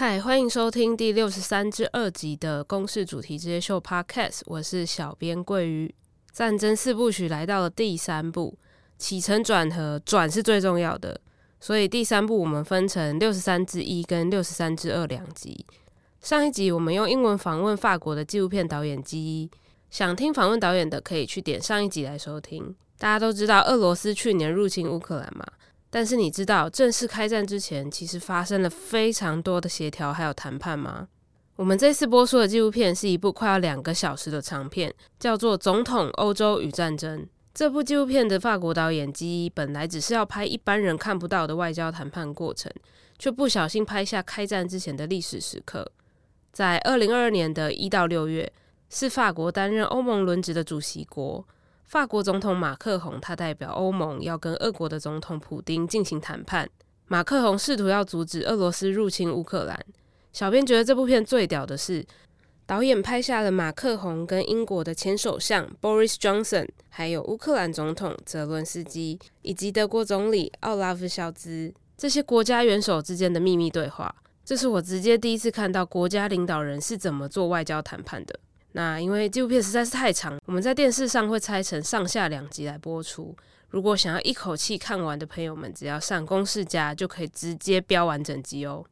嗨，Hi, 歡迎收聽第六十三之二集的《公視主題之夜秀》Podcast，我是小編桂瑜。戰爭四部曲來到了第三部，起承轉合，轉是最重要的，所以第三部我們分成六十三之一跟六十三之二兩集。上一集我們用英文訪問法國的紀錄片導演 Guy，想聽訪問導演的可以去點上一集來收聽。大家都知道俄羅斯去年入侵烏克蘭嗎？但是你知道，正式開戰之前，其實發生了非常多的協調還有談判嗎？我們這次播出的紀錄片是一部快要兩個小時的長片，叫做《總統、歐洲與戰爭》。這部紀錄片的法國導演基本來只是要拍一般人看不到的外交談判過程，卻不小心拍下開戰之前的歷史時刻。在二零二二年的一到六月，是法國擔任歐盟輪值的主席國。法國總統馬克宏，他代表歐盟要跟俄國的總統普丁進行談判。馬克宏試圖要阻止俄羅斯入侵烏克蘭。小編覺得這部片最屌的是，導演拍下了馬克宏跟英國的前首相 Boris Johnson，還有烏克蘭總統澤倫斯基以及德國總理奧拉夫肖茲這些國家元首之間的秘密對話。這是我直接第一次看到國家領導人是怎麼做外交談判的。那因為紀錄片實在是太長，我們在電視上會拆成上下兩集來播出。如果想要一口氣看完的朋友們，只要上公視+就可以直接飆完整集哦。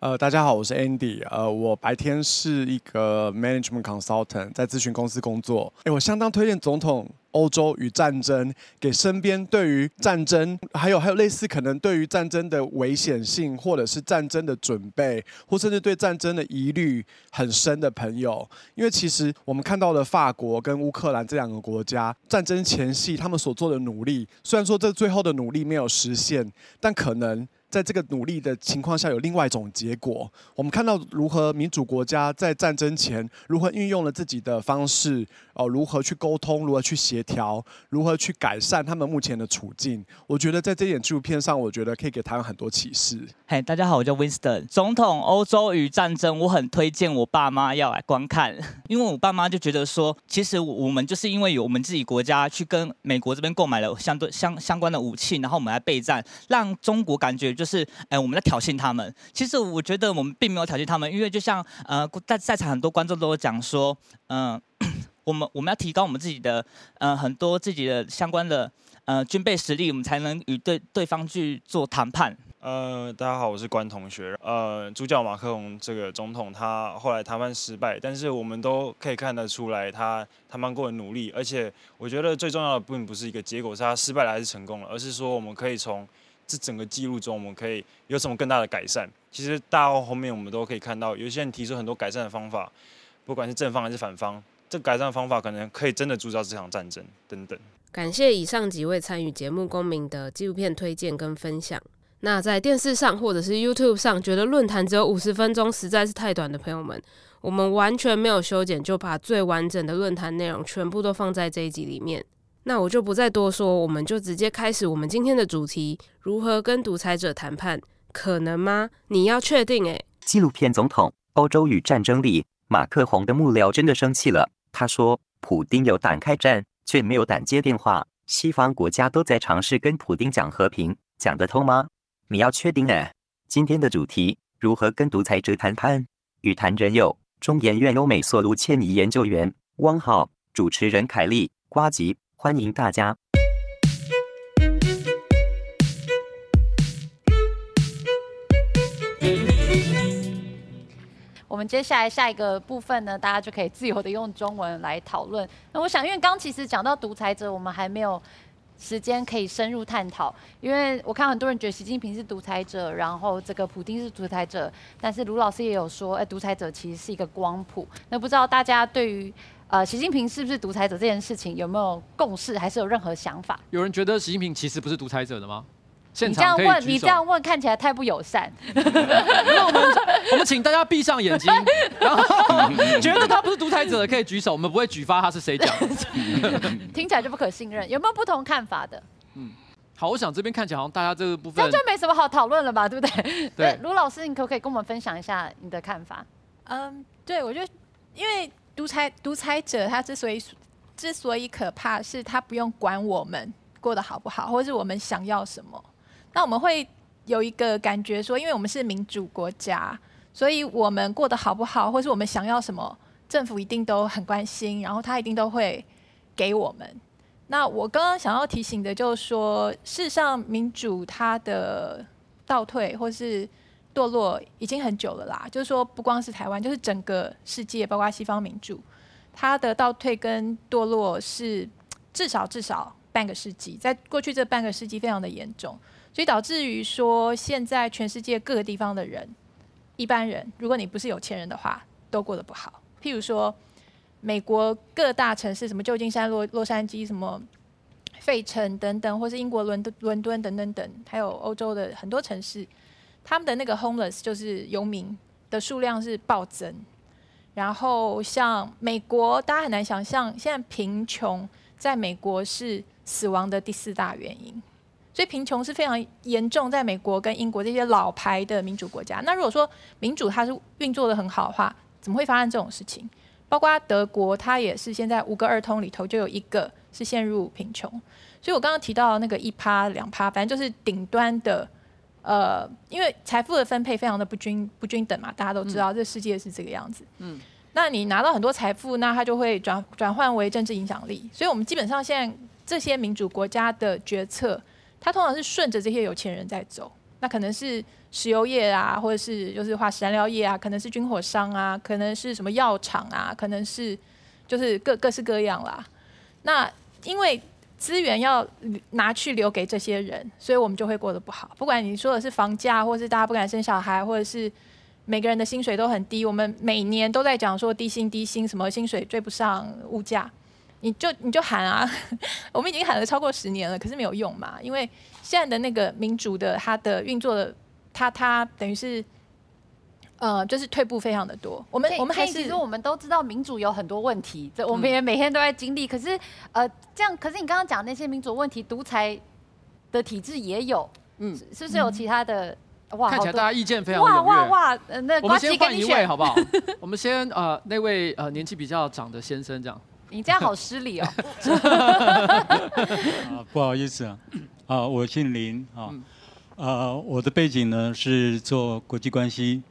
呃，大家好，我是 Andy。呃，我白天是一個 management consultant，在諮詢公司工作。誒，我相當推薦《總統、歐洲與戰爭》給身邊對於戰爭，還有還有類似可能對於戰爭的危險性，或者是戰爭的準備，或甚至對戰爭的疑慮很深的朋友。因為其實我們看到了法國跟烏克蘭這兩個國家戰爭前夕他們所做的努力，雖然說這最後的努力沒有實現，但可能。在這個努力的情況下，有另外一種結果。我們看到如何民主國家在戰爭前如何運用了自己的方式，哦、呃，如何去溝通，如何去協調，如何去改善他們目前的處境。我覺得在這點紀錄片上，我覺得可以給他們很多啟示。嗨，hey, 大家好，我叫 Winston。總統歐洲與戰爭，我很推薦我爸媽要來觀看，因為我爸媽就覺得說，其實我們就是因為有我們自己國家去跟美國這邊購買了相對相相關的武器，然後我們來備戰，讓中國感覺。就是，哎、欸，我們在挑釁他們。其實我覺得我們並沒有挑釁他們，因為就像，呃，在在場很多觀眾都有講說，嗯、呃，我們我們要提高我們自己的，嗯、呃，很多自己的相關的，呃，軍備實力，我們才能與對對方去做談判。呃，大家好，我是關同學。呃，主角馬克宏這個總統他後來談判失敗，但是我們都可以看得出來他談判過的努力。而且我覺得最重要的並不是一個結果，是他失敗了還是成功了，而是說我們可以從。是整個記錄中，我們可以有什麼更大的改善？其實到後面我們都可以看到，有些人提出很多改善的方法，不管是正方還是反方，這改善的方法可能可以真的鑄造這場戰爭等等。感謝以上幾位參與節目公民的紀錄片推薦跟分享。那在電視上或者是 YouTube 上，覺得論壇只有五十分鐘實在是太短的朋友們，我們完全沒有修剪，就把最完整的論壇內容全部都放在這一集裡面。那我就不再多說，我們就直接開始我們今天的主題：如何跟獨裁者談判，可能嗎？你要確定誒！紀錄片《總統：歐洲與戰爭》裡，馬克宏的幕僚真的生氣了。他說：“普丁有膽開戰，卻沒有膽接電話。西方國家都在嘗試跟普丁講和平，講得通嗎？你要確定誒？今天的主題：如何跟獨裁者談判？與談人有中研院歐美所盧倩儀研究員汪浩，主持人凱莉呱吉。歡迎大家。我們接下來下一個部分呢，大家就可以自由的用中文來討論。那我想，因為剛其實講到獨裁者，我們還沒有時間可以深入探討。因為我看很多人覺得習近平是獨裁者，然後這個普丁是獨裁者，但是盧老師也有說，哎，獨裁者其實是一個光譜。那不知道大家對於。呃，習近平是不是獨裁者這件事情有沒有共識，還是有任何想法？有人覺得習近平其實不是獨裁者的嗎？現場可以舉手？你這樣問，你這樣問看起來太不友善。那、 嗯嗯、我們我們請大家閉上眼睛，然 後覺得他不是獨裁者的可以舉手，我們不會舉發他是誰講的。 聽起來就不可信任。有沒有不同看法的？嗯，好，我想這邊看起來好像大家這個部分，這樣就沒什麼好討論了吧，對不對？對，盧老師，你可不可以跟我們分享一下你的看法？嗯，對，我覺得因為。獨裁獨裁者他之所以之所以可怕，是他不用管我們過得好不好，或是我們想要什麼。那我們會有一個感覺說，因為我們是民主國家，所以我們過得好不好，或是我們想要什麼，政府一定都很關心，然後他一定都會給我們。那我剛剛想要提醒的，就是說，事實上民主它的倒退，或是。墮落已經很久了啦，就是說不光是台灣，就是整個世界，包括西方民主，它的倒退跟墮落是至少至少半個世紀，在過去這半個世紀非常的嚴重，所以導致於說現在全世界各個地方的人，一般人，如果你不是有錢人的話，都過得不好。譬如說美國各大城市，什麼舊金山、洛洛杉磯，什麼費城等等，或是英國倫敦、倫敦等等等等，還有歐洲的很多城市。他們的那個 homeless 就是游民的數量是暴增，然後像美國，大家很難想象，現在貧窮在美國是死亡的第四大原因，所以貧窮是非常嚴重。在美國跟英國這些老牌的民主國家，那如果說民主它是運作得很好的話，怎麼會發生這種事情？包括德國，它也是現在五個兒童裡頭就有一個是陷入貧窮。所以我剛剛提到那個一趴兩趴，反正就是頂端的。呃，因為財富的分配非常的不均不均等嘛，大家都知道，嗯，這世界是這個樣子。嗯，那你拿到很多財富，那它就會轉轉換為政治影響力。所以，我們基本上現在這些民主國家的決策，它通常是順着這些有錢人在走。那可能是石油業啊，或者是就是化石燃料業啊，可能是軍火商啊，可能是什麼藥廠啊，可能是就是各各式各樣啦。那因為。資源要拿去留給這些人，所以我們就會過得不好。不管你說的是房價，或是大家不敢生小孩，或者是每個人的薪水都很低，我們每年都在講說低薪低薪，什麼薪水追不上物價，你就你就喊啊， 我們已經喊了超過十年了，可是沒有用嘛，因為現在的那個民主的它的運作的，它它等於是。呃，就是退步非常的多。我們我們還是，其實我們都知道民主有很多問題，這我們也每天都在經歷。可是，呃，這樣，可是你剛剛講那些民主問題，獨裁的體制也有，嗯，是不是有其他的？哇，看起來大家意見非常。哇哇哇！呃，那我們先換一位好不好？我們先呃那位呃年紀比較長的先生，這樣。你這樣好失禮哦。不好意思啊，啊，我姓林啊，呃，我的背景呢是做國際關係。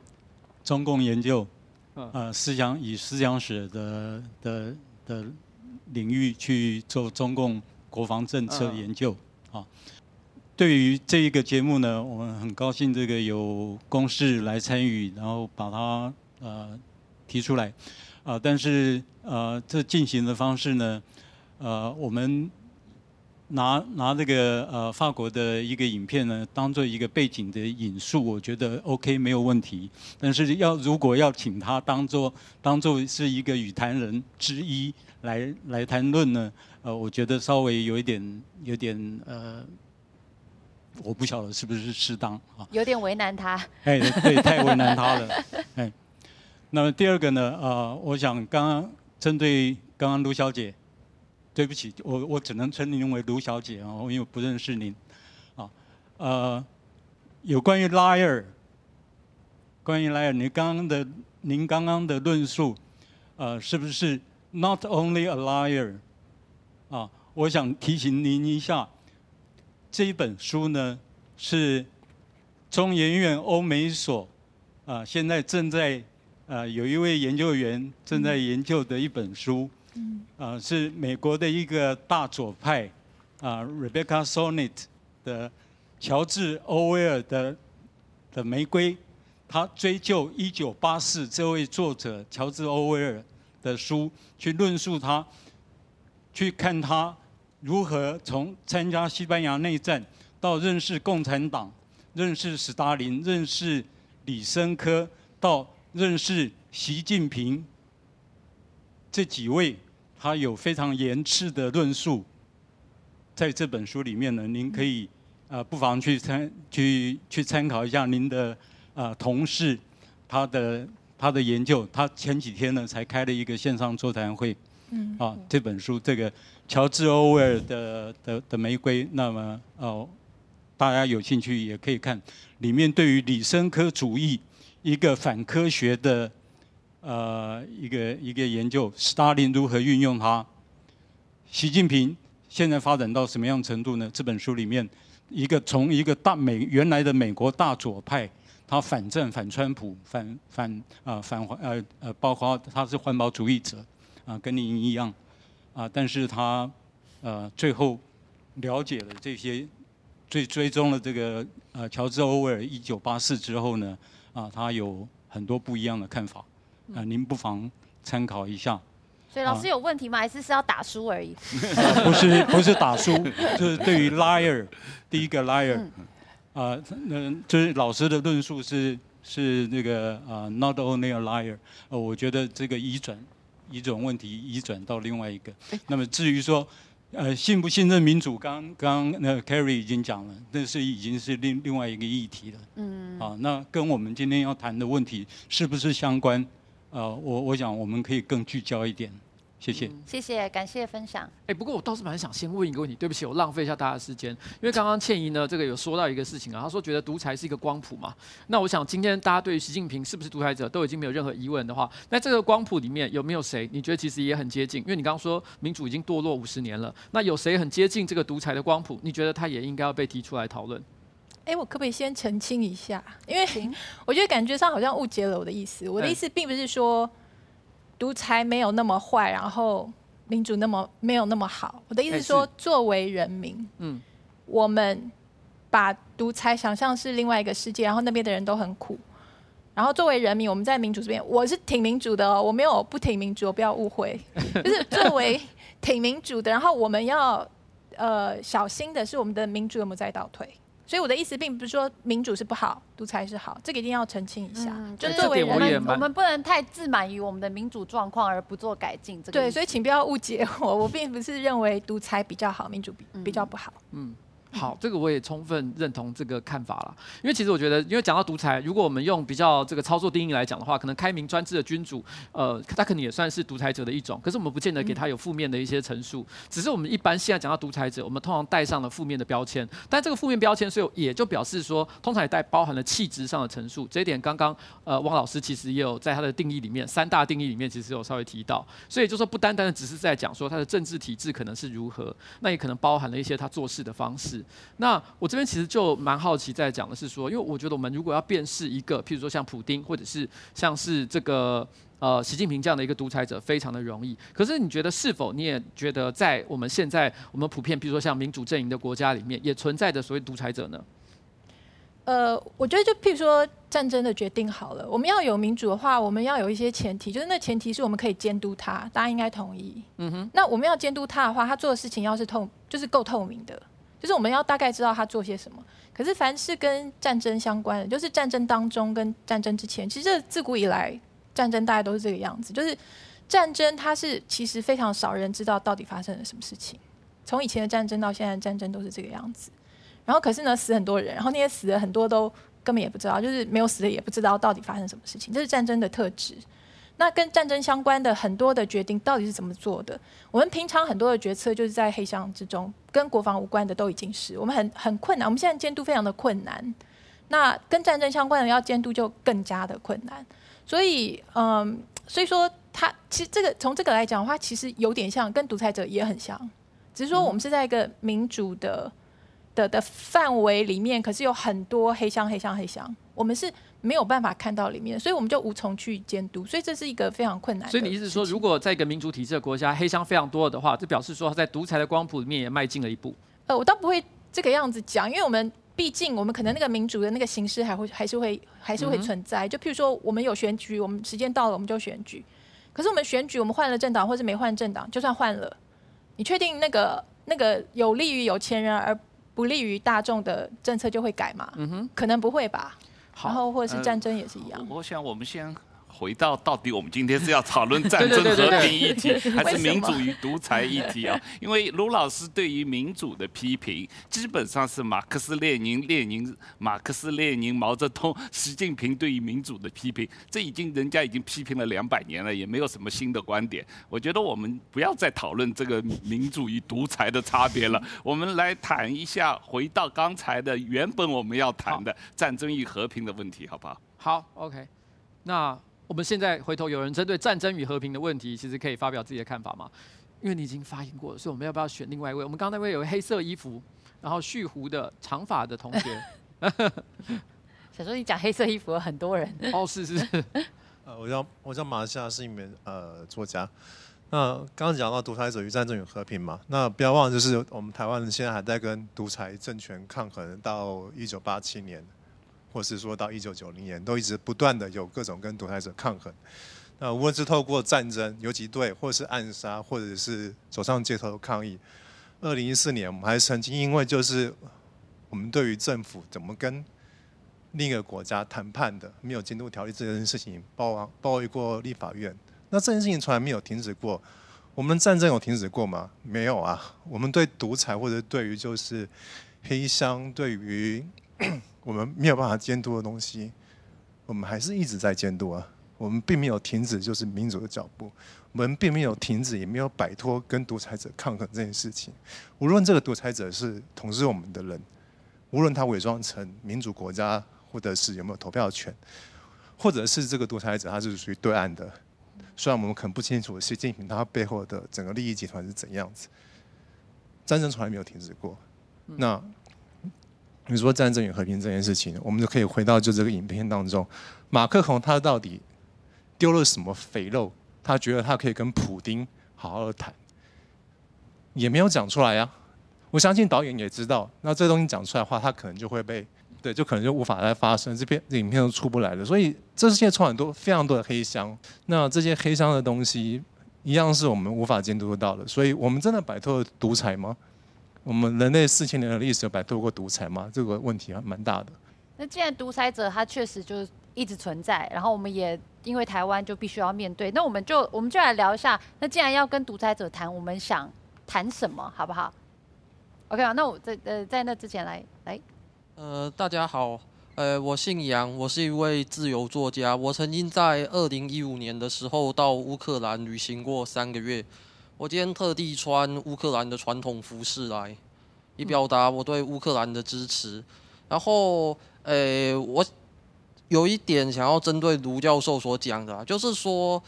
中共研究，呃，思想以思想史的的的，的領域去做中共國防政策研究、uh huh. 啊。對於這一個節目呢，我們很高興這個有公視來參與，然後把它呃提出來，啊、呃，但是呃，這進行的方式呢，呃，我們。拿拿這個呃法國的一個影片呢，當做一個背景的引述，我覺得 OK 沒有問題。但是要如果要請他當做當做是一個與談人之一來來談論呢，呃，我覺得稍微有一點有一點呃，我不曉得是不是適當啊？有點為難他。哎，對，太為難他了。 哎，那麼第二個呢，呃，我想剛剛針對剛剛盧小姐。對不起，我我只能稱您為盧小姐啊，我因為不認識您，啊，呃，有關於 liar，關於 liar，您剛剛的您剛剛的論述，呃，是不是 not only a liar，啊，我想提醒您一下，這一本書呢是中研院歐美所啊，呃，現在正在啊，呃，有一位研究員正在研究的一本書。嗯啊、呃，是美國的一個大左派，啊、呃，Rebecca Sonnet 的喬治歐威爾的的玫瑰，他追究一九八四這位作者喬治歐威爾的書，去論述他，去看他如何從參加西班牙內戰，到認識共產黨，認識斯大林，認識李森科，到認識習近平這幾位。他有非常嚴肅的論述，在這本書裡面呢，您可以啊、呃、不妨去參去去參考一下您的啊、呃、同事，他的他的研究。他前幾天呢才開了一個線上座談會，嗯、啊這本書這個喬治·歐威爾的的的玫瑰，那麼哦大家有興趣也可以看裡面對於李森科主義一個反科學的。呃，一個一個研究，斯大林如何運用它？習近平現在發展到什麼樣程度呢？這本書裡面，一個從一個大美原來的美國大左派，他反戰、反川普、反反啊、呃、反呃呃，包括他是環保主義者啊、呃，跟您一樣啊、呃，但是他呃最後了解了這些，最追蹤了這個呃喬治歐威爾《一九八四》之後呢啊、呃，他有很多不一樣的看法。啊、呃，您不妨參考一下。所以老師有問題嗎？啊、還是是要打輸而已？ 不是，不是打輸， 就是對於 liar，第一個 liar，啊、嗯，那、呃呃、就是老師的論述是是那、這個啊、呃、not only a liar，呃，我覺得這個移轉，移轉問題移轉到另外一個。欸、那麼至於說，呃，信不信任民主，剛剛那凱莉已經講了，那是已經是另另外一個議題了。嗯。啊，那跟我們今天要談的問題是不是相關？呃，我我想我們可以更聚焦一點，謝謝。嗯、謝謝，感謝分享。哎、欸，不過我倒是蠻想先問一個問題，對不起，我浪費一下大家的時間，因為剛剛倩儀呢，這個有說到一個事情啊，她說覺得獨裁是一個光譜嘛。那我想今天大家對於習近平是不是獨裁者都已經沒有任何疑問的話，那這個光譜裡面有沒有誰，你覺得其實也很接近？因為你剛剛說民主已經墮落五十年了，那有誰很接近這個獨裁的光譜？你覺得他也應該要被提出來討論？哎，我可不可以先澄清一下？因為我覺得感覺上好像誤解了我的意思。我的意思並不是說獨裁沒有那麼壞，然後民主那麼沒有那麼好。我的意思是說，是作為人民，嗯，我們把獨裁想象是另外一個世界，然後那邊的人都很苦。然後作為人民，我們在民主這邊，我是挺民主的、哦，我沒有我不挺民主，我不要誤會。就是作為挺民主的，然後我們要呃小心的是，我們的民主有沒有在倒退？所以我的意思並不是說民主是不好，獨裁是好，這個一定要澄清一下。嗯、就是、欸、我，我們我們不能太自滿於我們的民主狀況而不做改進。這個、對，所以請不要誤解我，我並不是認為獨裁比較好，民主比、嗯、比較不好。嗯。好，這個我也充分認同這個看法了。因為其實我覺得，因為講到獨裁，如果我們用比較這個操作定義來講的話，可能開明專制的君主，呃，他可能也算是獨裁者的一種。可是我們不見得給他有負面的一些陳述，嗯、只是我們一般現在講到獨裁者，我們通常帶上了負面的標籤。但這個負面標籤，所以也就表示說，通常也帶包含了氣質上的陳述。這一點剛剛，呃，汪老師其實也有在他的定義裡面，三大定義裡面其實有稍微提到。所以就說不單單的只是在講說他的政治體制可能是如何，那也可能包含了一些他做事的方式。那我這邊其實就蠻好奇，在講的是說，因為我覺得我們如果要辨識一個，譬如說像普丁或者是像是這個呃習近平這樣的一個獨裁者，非常的容易。可是，你覺得是否你也覺得，在我們現在我們普遍，譬如說像民主陣營的國家裡面，也存在着所謂獨裁者呢？呃，我覺得就譬如說戰爭的決定好了，我們要有民主的話，我們要有一些前提，就是那前提是我們可以監督他，大家應該同意。嗯哼。那我們要監督他的話，他做的事情要是透，就是夠透明的。就是我們要大概知道他做些什麼。可是，凡是跟戰爭相關的，就是戰爭當中跟戰爭之前，其實這自古以來戰爭大概都是這個樣子。就是戰爭，它是其實非常少人知道到底發生了什麼事情。從以前的戰爭到現在的戰爭都是這個樣子。然後，可是呢，死很多人，然後那些死了很多都根本也不知道，就是沒有死的也不知道到底發生什麼事情。這是戰爭的特質。那跟戰爭相關的很多的決定到底是怎麼做的？我們平常很多的決策就是在黑箱之中，跟國防無關的都已經是我們很很困難，我們現在監督非常的困難。那跟戰爭相關的要監督就更加的困難。所以，嗯，所以說他其實這個從這個來講的話，其實有點像跟獨裁者也很像，只是說我們是在一個民主的的的範圍裡面，可是有很多黑箱黑箱黑箱，我們是。沒有辦法看到裡面，所以我們就無從去監督，所以這是一個非常困難。所以你意思是說，如果在一個民主體制的國家，黑箱非常多的話，這表示說他在獨裁的光譜裡面也邁進了一步。呃，我倒不會這個樣子講，因為我們畢竟我們可能那個民主的那個形式還會還是會還是會存在。嗯哼。就譬如說，我們有選舉，我們時間到了我們就選舉。可是我們選舉，我們換了政黨或是沒換政黨，就算換了，你確定那個那個有利於有錢人而不利於大眾的政策就會改嗎？嗯哼，可能不會吧。然後或者是戰爭也是一樣，呃，我想我們先。回到到底我們今天是要討論戰爭和平議題，還是民主與獨裁議題啊？因為盧老師對於民主的批評，基本上是馬克思列寧、列寧、馬克思列寧、毛澤東、習近平對於民主的批評，這已經人家已經批評了兩百年了，也沒有什麼新的觀點。我覺得我們不要再討論這個民主與獨裁的差別了，我們來談一下回到剛才的原本我們要談的戰爭與和平的問題，好不好？好，OK，那。我們現在回頭有人針對《戰爭與和平》的問題，其實可以發表自己的看法嘛？因為你已經發言過了，所以我們要不要選另外一位？我們剛剛那位有黑色衣服，然後蓄胡的長髮的同學， 想說你講黑色衣服很多人哦，oh, 是是是， 呃，我叫我叫馬亞是一名呃作家。那剛剛講到獨裁者與戰爭與和平嘛，那不要忘了，就是我們台灣人現在還在跟獨裁政權抗衡，到一九八七年。或是說到一九九零年，都一直不斷的有各種跟獨裁者抗衡，那無論是透過戰爭、游擊隊，或者是暗殺，或者是走上街頭抗議。二零一四年，我們還曾經因為就是我們對於政府怎麼跟另一個國家談判的，沒有監督條例這件事情，包啊包圍過立法院。那這件事情從來沒有停止過。我們戰爭有停止過嗎？沒有啊。我們對獨裁，或者對於就是黑箱，對於。 我們沒有辦法監督的東西，我們還是一直在監督啊。我們並沒有停止就是民主的腳步，我們並沒有停止，也沒有擺脫跟獨裁者抗衡這件事情。無論這個獨裁者是統治我們的人，無論他偽裝成民主國家，或者是有沒有投票權，或者是這個獨裁者他是屬於對岸的，雖然我們可能不清楚習近平他背後的整個利益集團是怎樣子，戰爭從來沒有停止過。那。嗯你說戰爭與和平這件事情，我們就可以回到就這個影片當中，馬克宏他到底丟了什麼肥肉？他覺得他可以跟普丁好好的談，也沒有講出來呀、啊。我相信導演也知道，那這東西講出來的話，他可能就會被，對，就可能就無法再發生，這片這影片都出不來了，所以，這世界充滿多非常多的黑箱，那這些黑箱的東西一樣是我們無法監督得到的。所以我們真的擺脫了獨裁嗎？我們人類四千年的歷史有擺脫過獨裁嗎？這個問題還蠻大的。那既然獨裁者他確實就一直存在，然後我們也因為台灣就必須要面對，那我們就我們就來聊一下。那既然要跟獨裁者談，我們想談什麼，好不好？OK 啊，那我在呃在那之前來來。呃，大家好，呃，我姓楊，我是一位自由作家。我曾經在二零一五年的時候到烏克蘭旅行過三個月。我今天特地穿烏克蘭的傳統服飾來，以表達我對烏克蘭的支持。嗯、然後，誒、欸，我有一點想要針對盧教授所講的，就是說，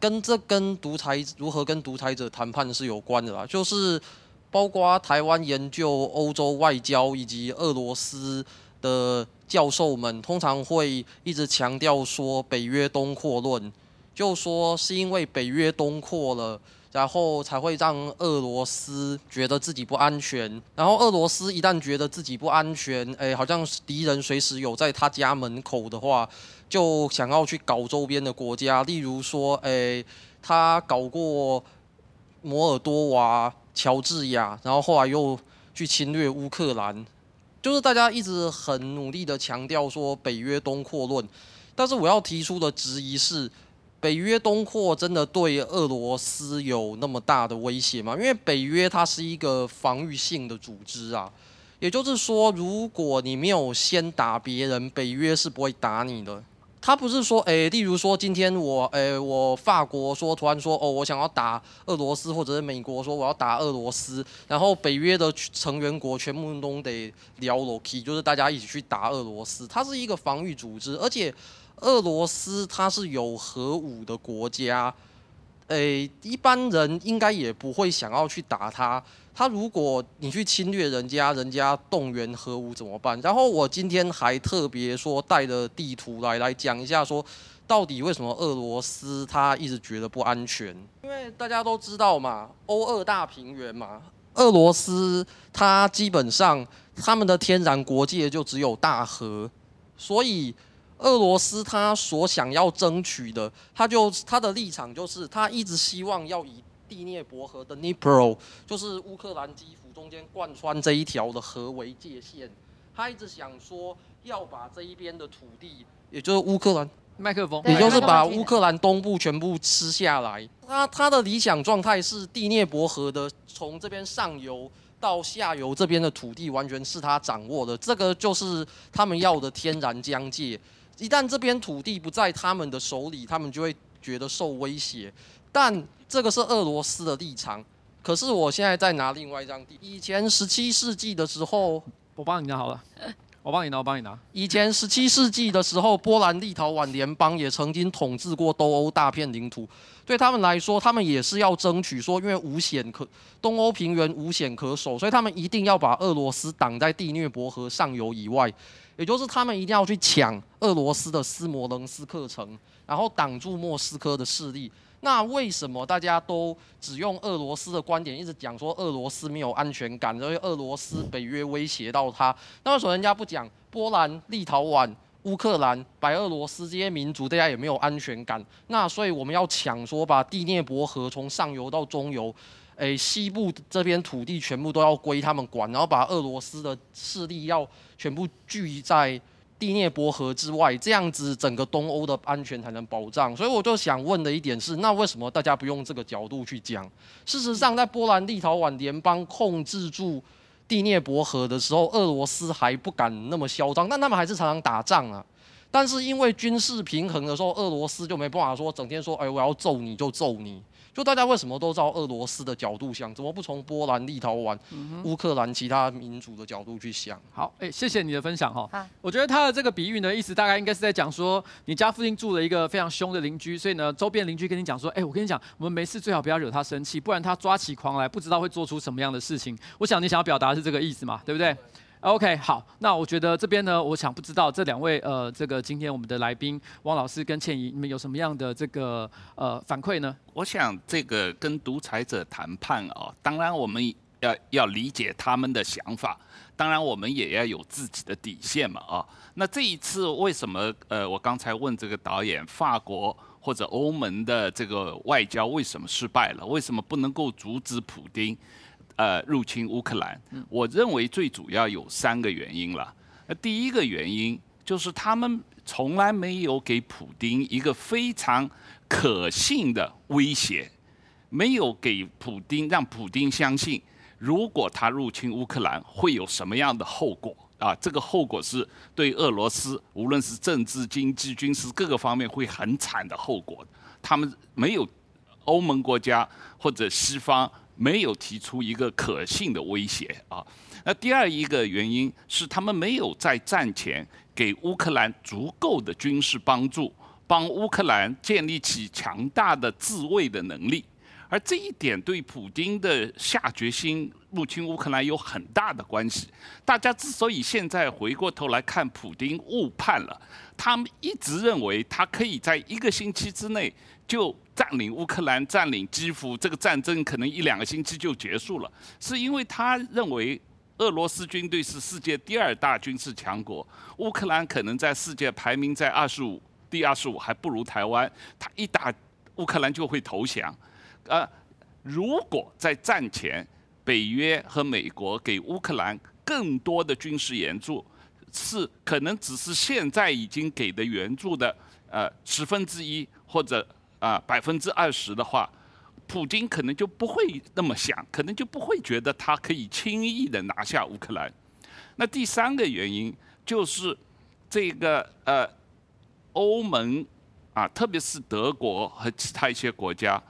跟這跟獨裁如何跟獨裁者談判是有關的啦。就是包括台灣研究歐洲外交以及俄羅斯的教授們，通常會一直強調說“北約東擴論”，就說是因為北約東擴了。然後才會讓俄羅斯覺得自己不安全。然後俄羅斯一旦覺得自己不安全，哎，好像敵人隨時有在他家門口的話，就想要去搞周邊的國家。例如說，哎，他搞過摩爾多瓦、喬治亞，然後後來又去侵略烏克蘭。就是大家一直很努力地強調說北約東擴論，但是我要提出的質疑是，北約東擴真的對俄羅斯有那麼大的威脅嗎？因為北約它是一個防御性的組織啊，也就是說，如果你沒有先打別人，北約是不會打你的。它不是說，誒，例如說今天我，誒，我法國說突然說，哦，我想要打俄羅斯，或者是美國說我要打俄羅斯，然後北約的成員國全部都得撩落去，就是大家一起去打俄羅斯。它是一個防御組織，而且。俄羅斯它是有核武的國家，誒、欸，一般人應該也不會想要去打它。它，如果你去侵略人家，人家動員核武怎麼辦？然後我今天還特別說帶着地圖來來講一下，說到底為什麼俄羅斯它一直覺得不安全？因為大家都知道嘛，歐俄大平原嘛，俄羅斯它基本上他們的天然國界就只有大河，所以。俄羅斯他所想要爭取的，他就他的立場就是，他一直希望要以第聶伯河的 Dnipro 就是烏克蘭基輔中間貫穿這一條的河為界限。他一直想說要把這一邊的土地，也就是烏克蘭麥克風，也就是把烏克蘭東部全部吃下來。他他的理想狀態是第聶伯河的從這邊上游到下游這邊的土地完全是他掌握的，這個就是他們要的天然疆界。一旦這邊土地不在他們的手裡，他們就會覺得受威脅。但這個是俄羅斯的立場。可是我現在在拿另外一張地圖。以前十七世紀的時候，我幫你拿好了， 我幫你拿，我幫你拿。以前十七世紀的時候，波蘭立陶宛聯邦也曾經統治過東歐大片領土。對他們來說，他們也是要爭取說，因為無險可，東歐平原無險可守，所以他們一定要把俄羅斯擋在第聶伯河上游以外。也就是他們一定要去搶俄羅斯的斯摩棱斯克城，然後擋住莫斯科的勢力。那為什麼大家都只用俄羅斯的觀點一直講說俄羅斯沒有安全感，因為俄羅斯北約威脅到他？那為什麼說人家不講波蘭、立陶宛、烏克蘭、白俄羅斯這些民族，大家也沒有安全感。那所以我們要搶說把第聶伯河從上游到中游，誒，西部這邊土地全部都要歸他們管，然後把俄羅斯的勢力要全部聚在第聶伯河之外，這樣子整個東歐的安全才能保障。所以我就想問的一點是，那為什麼大家不用這個角度去講？事實上，在波蘭立陶宛聯邦控制住第聶伯河的時候，俄羅斯還不敢那麼囂張，但他們還是常常打仗啊。但是因為軍事平衡的時候，俄羅斯就沒辦法說整天說，哎，我要揍你就揍你。就大家為什麼都照俄羅斯的角度想，怎麼不從波蘭、立陶宛、烏、嗯、哼克蘭其他民族的角度去想？好，哎、欸，謝謝你的分享哈、哦。好我覺得他的這個比喻呢，意思大概應該是在講說，你家附近住了一個非常凶的鄰居，所以呢，周邊鄰居跟你講說，哎、欸，我跟你講，我們沒事，最好不要惹他生氣，不然他抓起狂來，不知道會做出什麼樣的事情。我想你想要表達的是這個意思嘛，對不對？OK，好，那我覺得這邊呢，我想不知道這兩位呃，這個今天我們的來賓汪老師跟倩儀，你們有什麼樣的這個呃反饋呢？我想這個跟獨裁者談判啊、哦，當然我們要要理解他們的想法，當然我們也要有自己的底線嘛啊、哦。那這一次為什麼呃，我剛才問這個導演，法國或者歐盟的這個外交為什麼失敗了？為什麼不能夠阻止普丁？呃，入侵烏克蘭，我認為最主要有三個原因了。那第一個原因就是他們從來沒有給普丁一個非常可信的威脅，沒有給普丁，讓普丁相信，如果他入侵烏克蘭會有什麼樣的後果啊？這個後果是對俄羅斯，無論是政治、經濟、軍事各個方面，會很慘的後果。他們沒有歐盟國家或者西方。沒有提出一個可信的威脅啊。那第二一個原因是，他們沒有在戰前給烏克蘭足夠的軍事幫助，幫烏克蘭建立起強大的自衛的能力，而這一點對普丁的下決心入侵烏克蘭有很大的關係。大家之所以現在回過頭來看，普丁誤判了，他們一直認為他可以在一個星期之內，就佔領烏克蘭，佔領基輔，這個戰爭可能一兩個星期就結束了，是因為他認為俄羅斯軍隊是世界第二大軍事強國，烏克蘭可能在世界排名在二十五，第二十五還不如台灣，他一打烏克蘭就會投降，呃，如果在戰前北約和美國給烏克蘭更多的軍事援助，是可能只是現在已經給的援助的呃十分之一或者。啊，百分之二十的話，普丁可能就不會那麼想，可能就不會覺得他可以輕易的拿下烏克蘭。那第三個原因就是這個呃，歐盟啊，特別是德國和其他一些國家，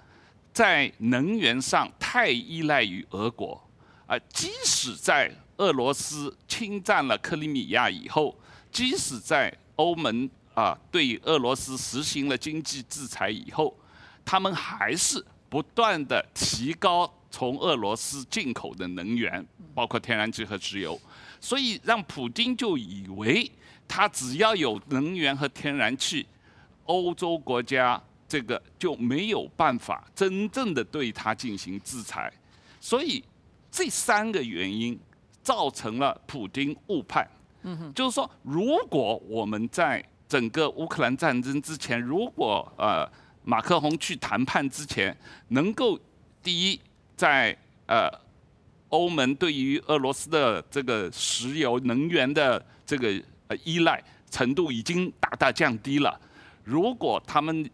在能源上太依賴於俄國。啊，即使在俄羅斯侵佔了克里米亞以後，即使在歐盟。啊，對俄羅斯實行了經濟制裁以後，他們還是不斷的提高從俄羅斯進口的能源，包括天然氣和石油，所以讓普丁就以為他只要有能源和天然氣，歐洲國家這個就沒有辦法真正的對他進行制裁，所以這三個原因造成了普丁誤判。嗯哼，就是說，如果我們在整個烏克蘭戰爭之前，如果呃馬克宏去談判之前，能夠第一在呃歐盟對於俄羅斯的這個石油能源的這個呃依賴程度已經大大降低了。如果他們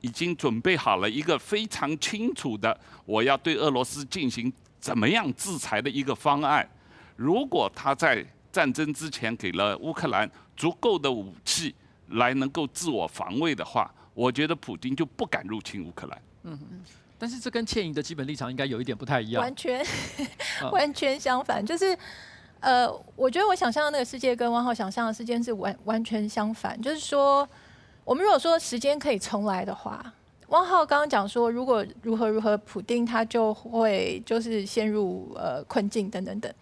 已經準備好了一個非常清楚的，我要對俄羅斯進行怎麼樣制裁的一個方案。如果他在戰爭之前給了烏克蘭足夠的武器。來能夠自我防衛的話，我覺得普丁就不敢入侵烏克蘭。嗯嗯，但是這跟倩儀的基本立場應該有一點不太一樣。完全完全相反，啊、就是呃，我覺得我想象的那個世界跟汪浩想象的世界是完完全相反。就是說，我們如果說時間可以重來的話，汪浩剛剛講說，如果如何如何，普丁他就會就是陷入呃困境等等等。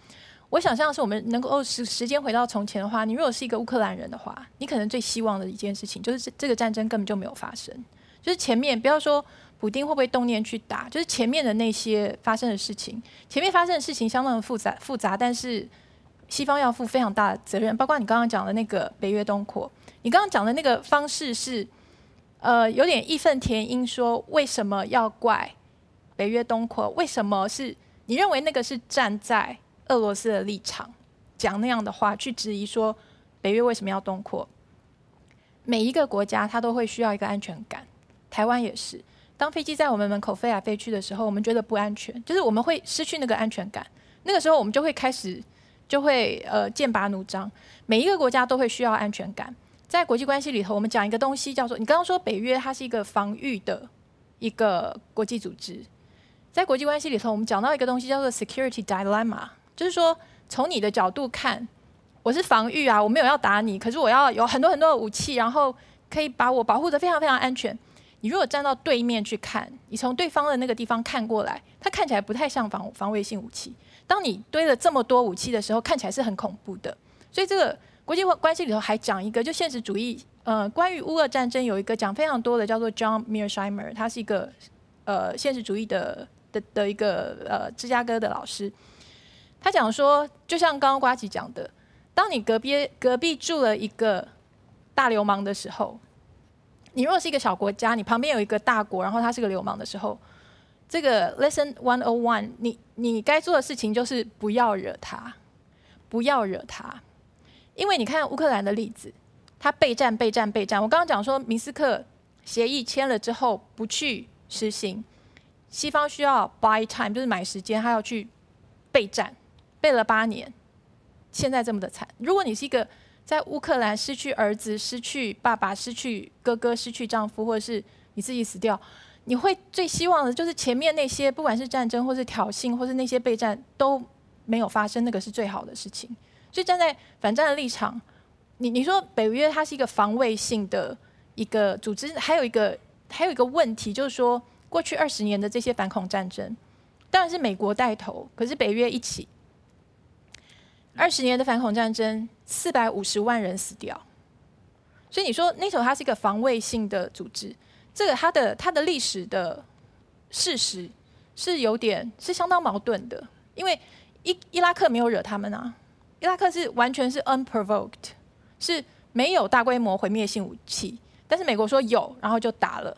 我想象是我們能夠時時間回到從前的話，你如果是一個烏克蘭人的話，你可能最希望的一件事情就是這這個戰爭根本就沒有發生。就是前面不要說普丁會不會動念去打，就是前面的那些發生的事情，前面發生的事情相當的複雜複雜。但是西方要負非常大的責任，包括你剛剛講的那個北約東擴，你剛剛講的那個方式是呃有點義憤填膺，說為什麼要怪北約東擴？為什麼是你認為那個是站在？俄羅斯的立場，講那樣的話去質疑說，北約為什麼要東擴？每一個國家它都會需要一個安全感，台灣也是。當飛機在我們門口飛來飛去的時候，我們覺得不安全，就是我們會失去那個安全感。那個時候我們就會開始，就會呃劍拔弩張。每一個國家都會需要安全感，在國際關係裡頭，我們講一個東西叫做，你剛剛說北約它是一個防御的一個國際組織，在國際關係裡頭，我們講到一個東西叫做 security dilemma。就是說，從你的角度看，我是防禦啊，我沒有要打你，可是我要有很多很多的武器，然後可以把我保護得非常非常安全。你如果站到對面去看，你從對方的那個地方看過來，他看起來不太像防防衛性武器。當你堆了這麼多武器的時候，看起來是很恐怖的。所以這個國際關係裡頭還講一個，就現實主義，呃，關於烏俄戰爭有一個講非常多的，叫做 John Mearsheimer，他是一個呃現實主義的的的一個呃芝加哥的老師。他講說，就像剛剛呱吉講的，當你隔壁隔壁住了一個大流氓的時候，你如果是一個小國家，你旁邊有一個大國，然後他是個流氓的時候，這個 Lesson One O One，你你該做的事情就是不要惹他，不要惹他，因為你看烏克蘭的例子，他備戰備戰備戰。我剛剛講說，明斯克協議簽了之後不去實行，西方需要 Buy Time，就是買時間，他要去備戰。背了八年，現在這麼的慘。如果你是一個在烏克蘭失去兒子、失去爸爸、失去哥哥、失去丈夫，或者是你自己死掉，你會最希望的就是前面那些，不管是戰爭、或是挑釁、或是那些備戰都沒有發生，那個是最好的事情。所以站在反戰的立場，你你說北約它是一個防衛性的一個組織，還有一個還有一個問題就是說，過去二十年的這些反恐戰爭，當然是美國帶頭，可是北約一起。二十年的反恐戰爭，四百五十萬人死掉。所以你說，NATO 它是一個防衛性的組織，這個它的它的歷史的事實是有點是相當矛盾的。因為伊伊拉克沒有惹他們啊，伊拉克是完全是 unprovoked，是沒有大規模毀滅性武器，但是美國說有，然後就打了。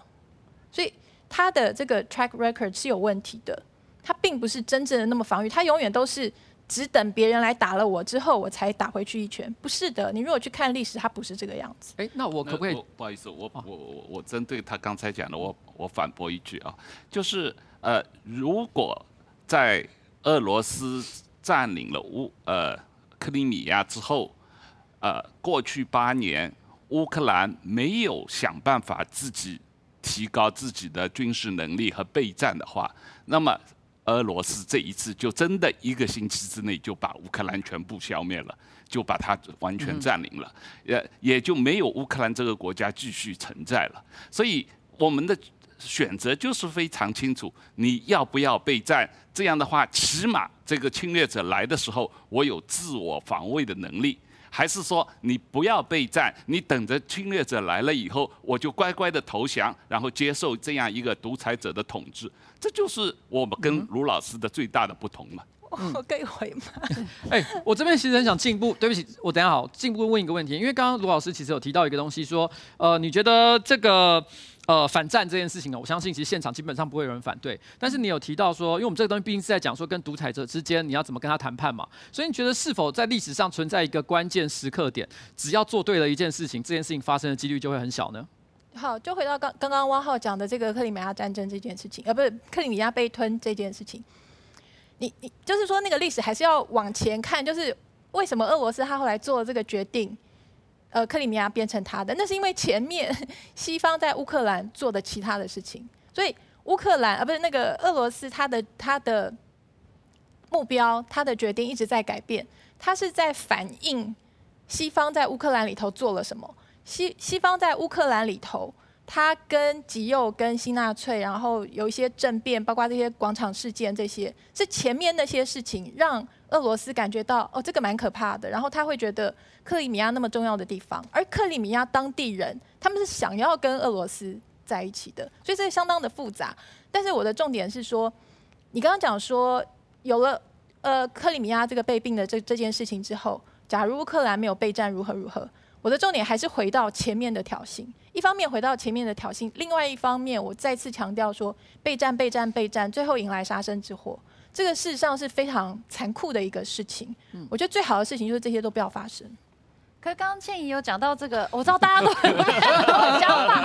所以它的這個 track record 是有問題的，它並不是真正的那麼防禦，它永遠都是。只等別人來打了我之後，我才打回去一拳。不是的，你如果去看歷史，它不是這個樣子。哎、欸，那我可不可以？呃，不好意思，我我我我針對他剛才講的，我我反駁一句啊，就是呃，如果在俄羅斯佔領了烏呃克里米亞之後，呃，過去八年烏克蘭沒有想辦法自己提高自己的軍事能力和備戰的話，那麼。俄羅斯這一次就真的一個星期之內就把烏克蘭全部消滅了，就把它完全占領了，也也就沒有烏克蘭這個國家繼續存在了。所以我們的選擇就是非常清楚：你要不要備戰？這樣的話，起碼這個侵略者來的時候，我有自我防衛的能力；還是說你不要備戰，你等着侵略者來了以後，我就乖乖的投降，然後接受這樣一個獨裁者的統治？這就是我們跟盧老師的最大的不同嘛？我可以回嗎？哎，我這邊其實很想進一步，對不起，我等一下好，進一步問一個問題，因為剛剛盧老師其實有提到一個東西，說呃，你覺得這個呃反戰這件事情呢，我相信其實現場基本上不會有人反對，但是你有提到說，因為我們這個東西畢竟是在講說跟獨裁者之間，你要怎麼跟他談判嘛，所以你覺得是否在歷史上存在一個關鍵時刻點，只要做對了一件事情，這件事情發生的幾率就會很小呢？好，就回到剛剛剛汪浩講的這個克里米亞戰爭這件事情，而不是克里米亞被吞這件事情，你你就是說那個歷史還是要往前看，就是為什麼俄羅斯他後來做了這個決定，呃，克里米亞變成他的，那是因為前面西方在烏克蘭做的其他的事情，所以烏克蘭而不是那個俄羅斯他的他的目標，他的決定一直在改變，他是在反映西方在烏克蘭裡頭做了什麼。西西方在烏克蘭裡頭，他跟極右、跟新納粹，然後有一些政變，包括這些廣場事件，這些是前面那些事情讓俄羅斯感覺到哦，這個蠻可怕的。然後他會覺得克里米亞那麼重要的地方，而克里米亞當地人他們是想要跟俄羅斯在一起的，所以這個相當的複雜。但是我的重點是說，你剛剛講說有了呃克里米亞這個被併的這這件事情之後，假如烏克蘭沒有備戰，如何如何？我的重點還是回到前面的挑釁，一方面回到前面的挑釁，另外一方面我再次強調說備戰備戰備戰，最後迎來殺身之禍，這個事實上是非常殘酷的一個事情。我覺得最好的事情就是這些都不要發生。可是剛剛倩儀有講到這個，我知道大家都有不同想法，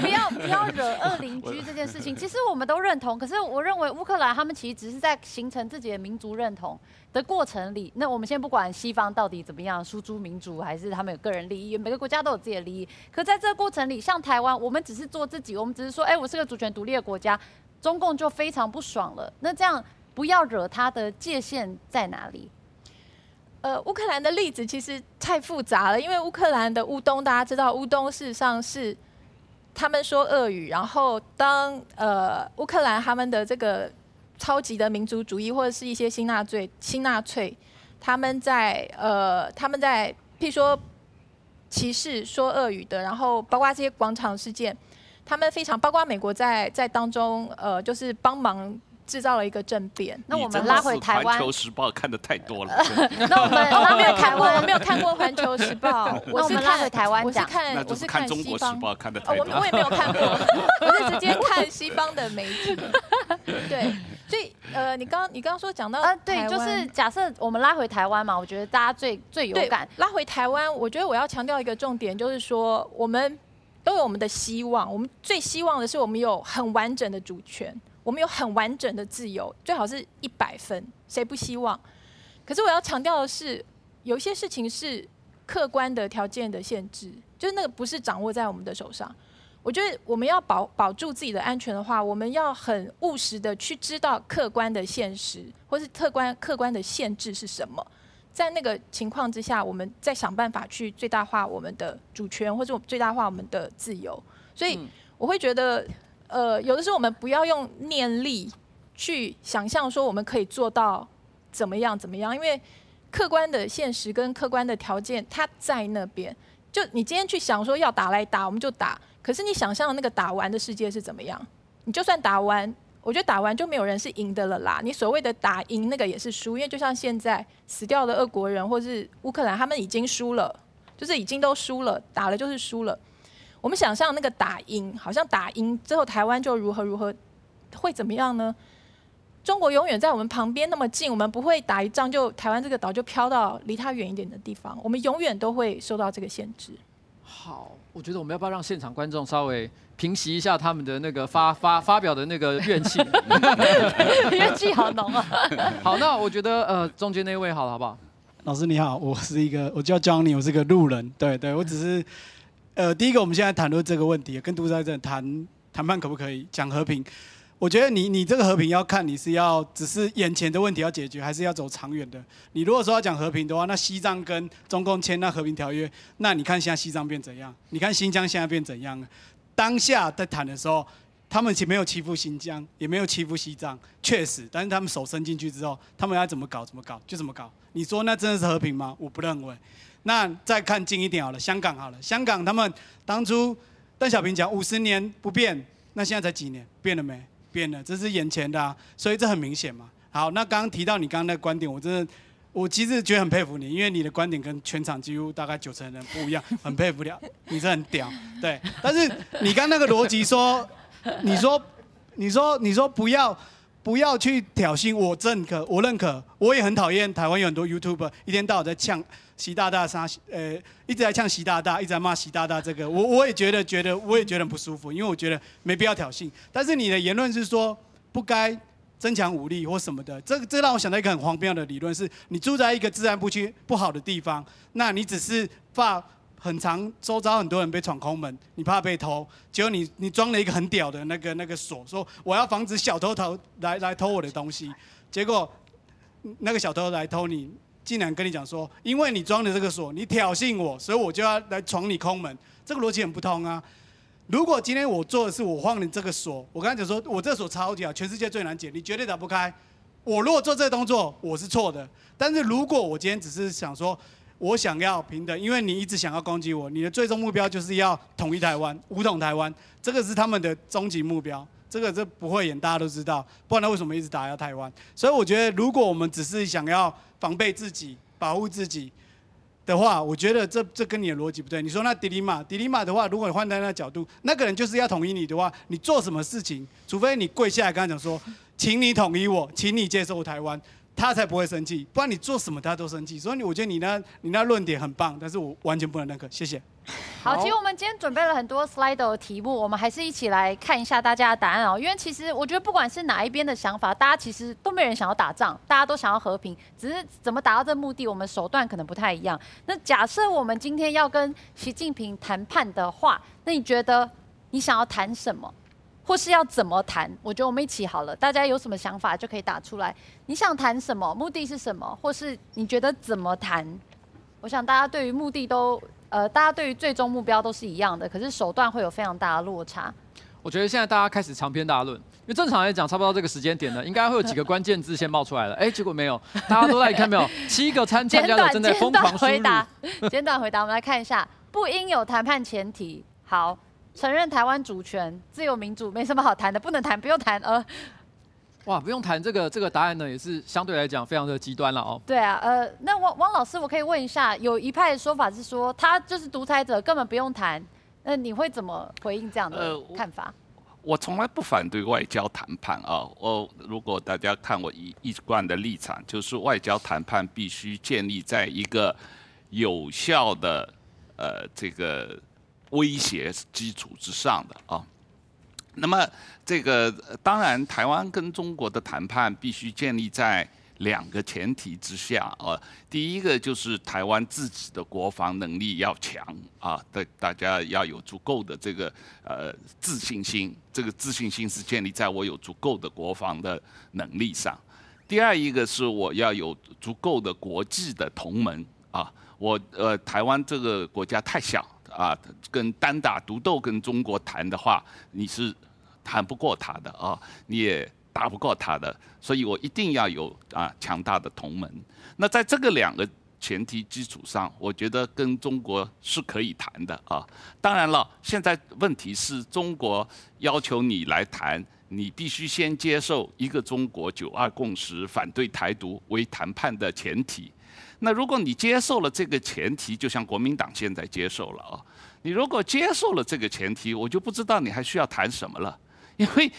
不要不要惹惡鄰居這件事情，其實我們都認同。可是我認為烏克蘭他們其實只是在形成自己的民族認同的過程裡。那我們先不管西方到底怎麼樣輸出民族，還是他們有個人利益，每個國家都有自己的利益。可在這個過程裡，像台灣，我們只是做自己，我們只是說，哎、欸，我是個主權獨立的國家，中共就非常不爽了。那這樣不要惹他的界限在哪裡？呃，烏克蘭的例子其實太複雜了，因為烏克蘭的烏東，大家知道烏東事實上是他們說俄語，然後當呃烏克蘭他們的這個超級的民族主義或者是一些新納粹，新納粹他們在呃他們在譬如說歧視說俄語的，然後包括這些廣場事件，他們非常包括美國在在當中呃就是幫忙。製造了一個政變，那我們拉回台灣。環球時報看的太多了。那我們我沒有看過，我沒有看過環球時報。我是拉回台灣講。我是看中國時報看的太多了。我我也沒有看過，我是直接看西方的媒體。對，所以呃，你剛你剛剛說講到台灣，對，就是假設我們拉回台灣嘛，我覺得大家最最有感。拉回台灣，我覺得我要強調一個重點，就是說我們都有我們的希望，我們最希望的是我們有很完整的主權。我們有很完整的自由，最好是一百分，誰不希望？可是我要強調的是，有些事情是客觀的條件的限制，就是那個不是掌握在我們的手上。我覺得我們要保保住自己的安全的話，我們要很務實的去知道客觀的現實，或是客觀客觀的限制是什麼。在那個情況之下，我們再想辦法去最大化我們的主權，或者最大化我們的自由。所以我會覺得。呃，有的時候我們不要用念力去想象說，我們可以做到怎麼樣怎麼樣，因為客觀的現實跟客觀的條件它在那邊。就你今天去想說要打來打，我們就打。可是你想象的那個打完的世界是怎麼樣？你就算打完，我覺得打完就沒有人是贏的了啦。你所謂的打贏那個也是輸，因為就像現在死掉的俄國人或是烏克蘭，他們已經輸了，就是已經都輸了，打了就是輸了。我們想象那個打贏，好像打贏之後台灣就如何如何，會怎麼樣呢？中國永遠在我們旁邊那麼近，我們不會打一仗就台灣這個島就飄到離他遠一點的地方，我們永遠都會受到這個限制。好，我覺得我們要不要讓現場觀眾稍微平息一下他們的那個發發發表的那個怨氣？ 怨氣好濃啊！好，那我覺得呃中間那位好了好不好？老師你好，我是一個我叫 Johnny，我是一個路人，對對，我只是。 呃，第一個我們現在談論這個問題，跟獨裁政談談判可不可以講和平？我覺得你你這個和平要看你是要只是眼前的問題要解決，還是要走長遠的。你如果說要講和平的話，那西藏跟中共簽那和平條約，那你看現在西藏變怎樣？你看新疆現在變怎樣？當下在談的時候，他們其實沒有欺負新疆，也沒有欺負西藏，確實，但是他們手伸進去之後，他們要怎麼搞？怎麼搞？就怎麼搞。你說那真的是和平嗎？我不認為。那再看近一點好了，香港好了，香港他們當初鄧小平講五十年不變，那現在才幾年，變了沒？變了，這是眼前的啊，所以這很明顯嘛。好，那剛剛提到你剛剛那觀點，我真的，我其實覺得很佩服你，因為你的觀點跟全場幾乎大概九成的人不一樣，很佩服了。你是很屌，對。但是你剛那個邏輯說，你說，你說，你說不要。不要去挑釁，我認可，我認可，我也很討厭台灣有很多 YouTuber，一天到晚在嗆習大大殺，啥，呃，一直在嗆習大大，一直在罵習大大，這個我我也覺得覺得我也覺得很不舒服，因為我覺得沒必要挑釁。但是你的言論是說不該增強武力或什麼的，這這讓我想到一個很荒謬的理論，是你住在一個治安不不好的地方，那你只是發。很長，周遭很多人被闖空門，你怕被偷，結果你你裝了一個很屌的那個那個鎖，說我要防止小偷逃來來偷我的東西，結果那個小偷來偷你，竟然跟你講說，因為你裝的這個鎖，你挑釁我，所以我就要來闖你空門，這個邏輯很不通啊。如果今天我做的是我放你這個鎖，我剛才講說我這鎖超級好，全世界最難解，你絕對打不開。我如果做這個動作，我是錯的。但是如果我今天只是想說。我想要平等，因為你一直想要攻擊我，你的最終目標就是要統一台灣，武統台灣，這個是他們的終極目標，這個這不會演，大家都知道，不然他為什麼一直打壓台灣？所以我覺得，如果我們只是想要防備自己、保護自己的話，我覺得這這跟你的邏輯不對。你說那 dilemma，dilemma 的話，如果你換在那個角度，那個人就是要統一你的話，你做什麼事情？除非你跪下來跟他講說，請你統一我，請你接受台灣，他才不會生氣，不然你做什麼他都生氣。所以我覺得你那、你那論點很棒，但是我完全不能認可。謝謝。好，好其實我們今天準備了很多 Slido 的題目，我們還是一起來看一下大家的答案哦、喔。因為其實我覺得不管是哪一邊的想法，大家其實都沒人想要打仗，大家都想要和平，只是怎麼達到這個目的，我們手段可能不太一樣。那假設我們今天要跟習近平談判的話，那你覺得你想要談什麼？或是要怎麼談？我覺得我們一起好了，大家有什麼想法就可以打出來。你想談什麼？目的是什麼？或是你覺得怎麼談？我想大家對於目的都，呃，大家對於最終目標都是一樣的，可是手段會有非常大的落差。我覺得現在大家開始長篇大論，因為正常來講，差不多這個時間點呢，應該會有幾個關鍵字先冒出來了。哎、 欸，結果沒有，大家都在看沒有？ 七個參參加的正在瘋狂回答。 簡短回答，我們來看一下，不應有談判前提。好。承認台灣主權、自由民主沒什麼好談的，不能談，不用談。呃，哇，不用談這個，這個答案呢也是相對來講非常的極端了哦。對啊，呃，那汪汪老師，我可以問一下，有一派的說法是說他就是獨裁者，根本不用談。那、呃、你會怎麼回應這樣的看法？呃、我從來不反對外交談判啊。我如果大家看我一一貫的立場，就是外交談判必須建立在一個有效的，呃，這個。威脅基礎之上的啊，那麼這個當然，台灣跟中國的談判必須建立在兩個前提之下啊。第一個就是台灣自己的國防能力要強啊，大大家要有足夠的這個呃自信心，這個自信心是建立在我有足夠的國防的能力上。第二一個是我要有足夠的國際的同盟啊。我呃，台灣這個國家太小。啊，跟單打獨鬥跟中國談的話，你是談不過他的啊，你也打不過他的，所以我一定要有啊強大的同盟。那在這個兩個前提基礎上，我覺得跟中國是可以談的啊。當然了，現在問題是中國要求你來談，你必須先接受一個中國、九二共識、反對台獨為談判的前提。那如果你接受了這個前提，就像國民黨現在接受了啊、哦，你如果接受了這個前提，我就不知道你還需要談什麼了，因為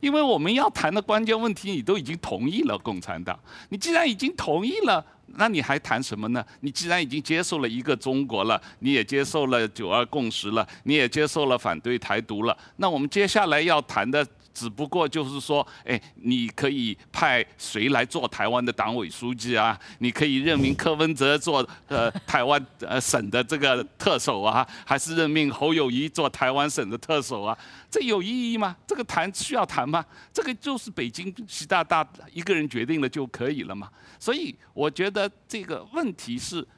因為我們要談的關鍵問題你都已經同意了共產黨，你既然已經同意了，那你還談什麼呢？你既然已經接受了一個中國了，你也接受了九二共識了，你也接受了反對台獨了，那我們接下來要談的。只不過就是說，哎、欸，你可以派誰來做台灣的黨委書記啊？你可以任命柯文哲做呃台灣呃省的這個特首啊，還是任命侯友宜做台灣省的特首啊？這有意義嗎？這個談需要談嗎？這個就是北京習大大一個人決定了就可以了嘛？所以我覺得這個問題是，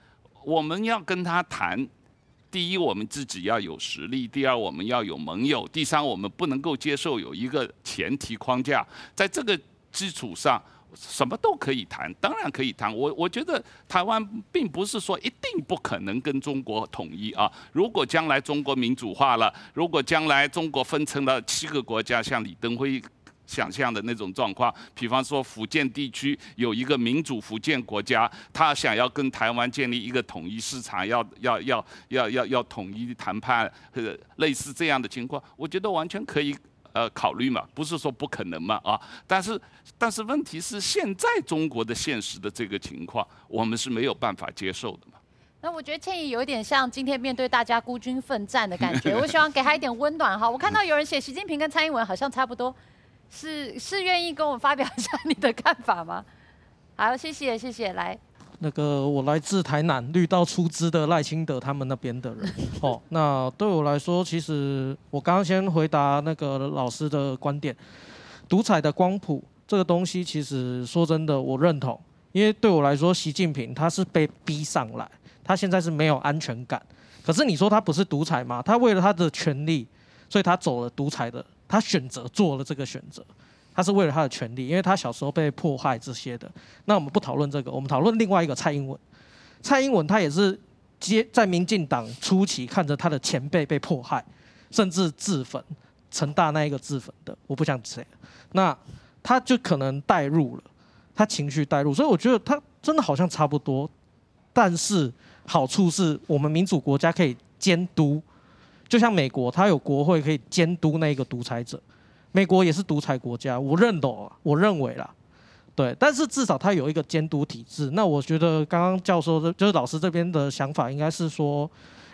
我們要跟他談。第一，我們自己要有實力；第二，我們要有盟友；第三，我們不能夠接受有一個前提框架，在這個基礎上什麼都可以談，當然可以談。我我覺得台灣並不是說一定不可能跟中國統一啊。如果將來中國民主化了，如果將來中國分成了七個國家，像李登輝。想象的那種狀況，比方說福建地區有一個民主福建國家，他想要跟台灣建立一個統一市場，要要要要要要統一談判，類似這樣的情況，我覺得完全可以呃考慮嘛，不是說不可能嘛啊。但是但是問題是，現在中國的現實的這個情況，我們是沒有辦法接受的嘛。那我覺得倩儀有一點像今天面對大家孤軍奮戰的感覺， 我希望給他一點溫暖哈。我看到有人寫習近平跟蔡英文好像差不多。是是願意跟我發表一下你的看法嗎？好，謝謝謝謝，來，那個我來自台南綠到出汁的賴清德他們那邊的人。 哦，那對我來說，其實我剛剛先回答那個老師的觀點，獨裁的光譜這個東西，其實說真的，我認同。因為對我來說，習近平他是被逼上來，他現在是沒有安全感。可是你說他不是獨裁嗎？他為了他的權力，所以他走了獨裁的。他選擇做了這個選擇，他是為了他的權利，因為他小時候被迫害這些的。那我們不討論這個，我們討論另外一個蔡英文。蔡英文他也是接在民進黨初期，看着他的前輩被迫害，甚至自焚，成大那一個自焚的，我不想提。那他就可能代入了，他情緒代入，所以我覺得他真的好像差不多。但是好處是我們民主國家可以監督。就像美國，它有國會可以監督那個獨裁者。美國也是獨裁國家，我認同，我認為啦，對。但是至少他有一個監督體制。那我覺得剛剛教授的，就是老師這邊的想法，應該是說，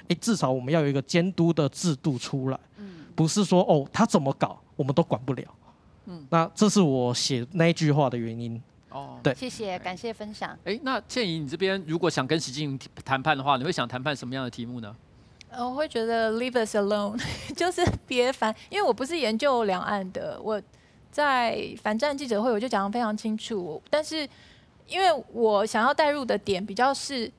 欸，至少我們要有一個監督的制度出來，嗯，不是說哦他怎麼搞我們都管不了。嗯，那這是我寫那一句話的原因。哦，對，謝謝，感謝分享。哎，欸，那倩儀，你這邊如果想跟習近平談判的話，你會想談判什麼樣的題目呢？我會覺得 leave us alone 就是別煩，因為我不是研究兩岸的，我在反戰記者會我就講得非常清楚，但是因為我想要帶入的點比較是，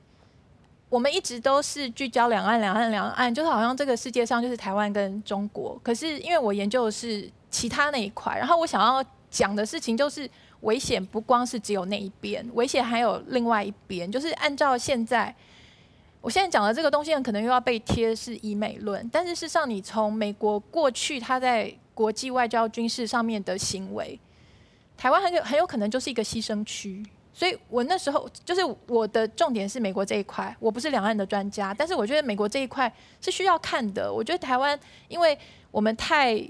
我們一直都是聚焦兩岸兩岸兩岸，就是好像這個世界上就是台灣跟中國，可是因為我研究的是其他那一塊，然後我想要講的事情就是危險不光是只有那一邊，危險還有另外一邊，就是按照現在。我現在講的這個東西，很可能又要被貼是疑美論，但是事實上，你從美國過去他在國際外交軍事上面的行為，台灣很有很有可能就是一個犧牲區。所以我那時候就是我的重點是美國這一塊，我不是兩岸的專家，但是我覺得美國這一塊是需要看的。我覺得台灣，因為我們太。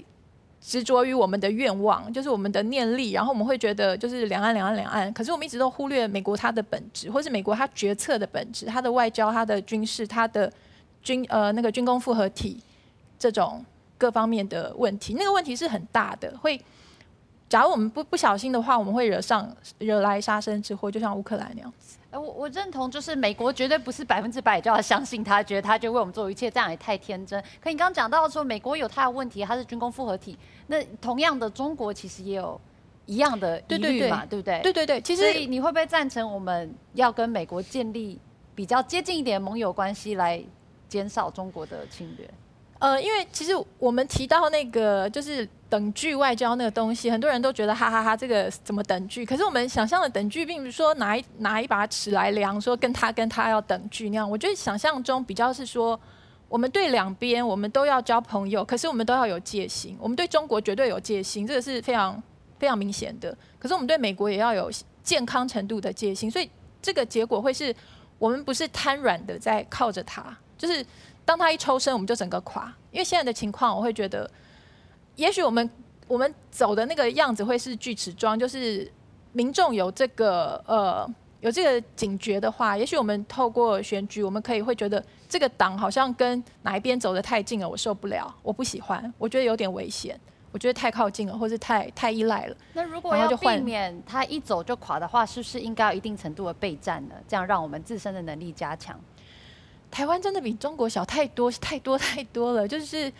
執着於我們的願望，就是我們的念力，然後我們會覺得就是兩岸兩岸兩岸，可是我們一直都忽略美國它的本質，或是美國它決策的本質、它的外交、它的軍事、它的軍呃那個軍工複合體這種各方面的問題，那個問題是很大的。會假如我們不不小心的話，我們會惹上惹來殺身之禍，就像烏克蘭那樣子。哎，我我認同，就是美國絕對不是百分之百就要相信他，覺得他就為我們做一切，這樣也太天真。可你剛剛講到說，美國有他的問題，他是軍工複合體，那同樣的，中國其實也有一樣的疑慮嘛，對對對，對不對？對對對，其實，所以你會不會贊成我們要跟美國建立比較接近一點盟友關係，來減少中國的侵略？呃，因為其實我們提到那個就是。等距外交那個東西，很多人都覺得哈哈哈哈，這個怎麼等距？可是我們想象的等距，並不是說拿一拿一把尺來量，說跟他跟他要等距那樣。我覺得想象中比較是說，我們對兩邊我們都要交朋友，可是我們都要有戒心。我們對中國絕對有戒心，這個是非常非常明顯的。可是我們對美國也要有健康程度的戒心，所以這個結果會是我們不是癱軟的在靠着他，就是當他一抽身，我們就整個垮。因為現在的情況，我會覺得。也許我們我們走的那個樣子會是鋸齒狀，就是民眾有這個呃有這個警覺的話，也許我們透過選舉，我們可以會覺得這個黨好像跟哪一邊走得太近了，我受不了，我不喜歡，我覺得有點危險，我覺得太靠近了，或者是太太依賴了。那如果要避免他一走就垮的話，是不是應該要一定程度的備戰呢？這樣讓我們自身的能力加強。台灣真的比中國小太多太多太多了，就是。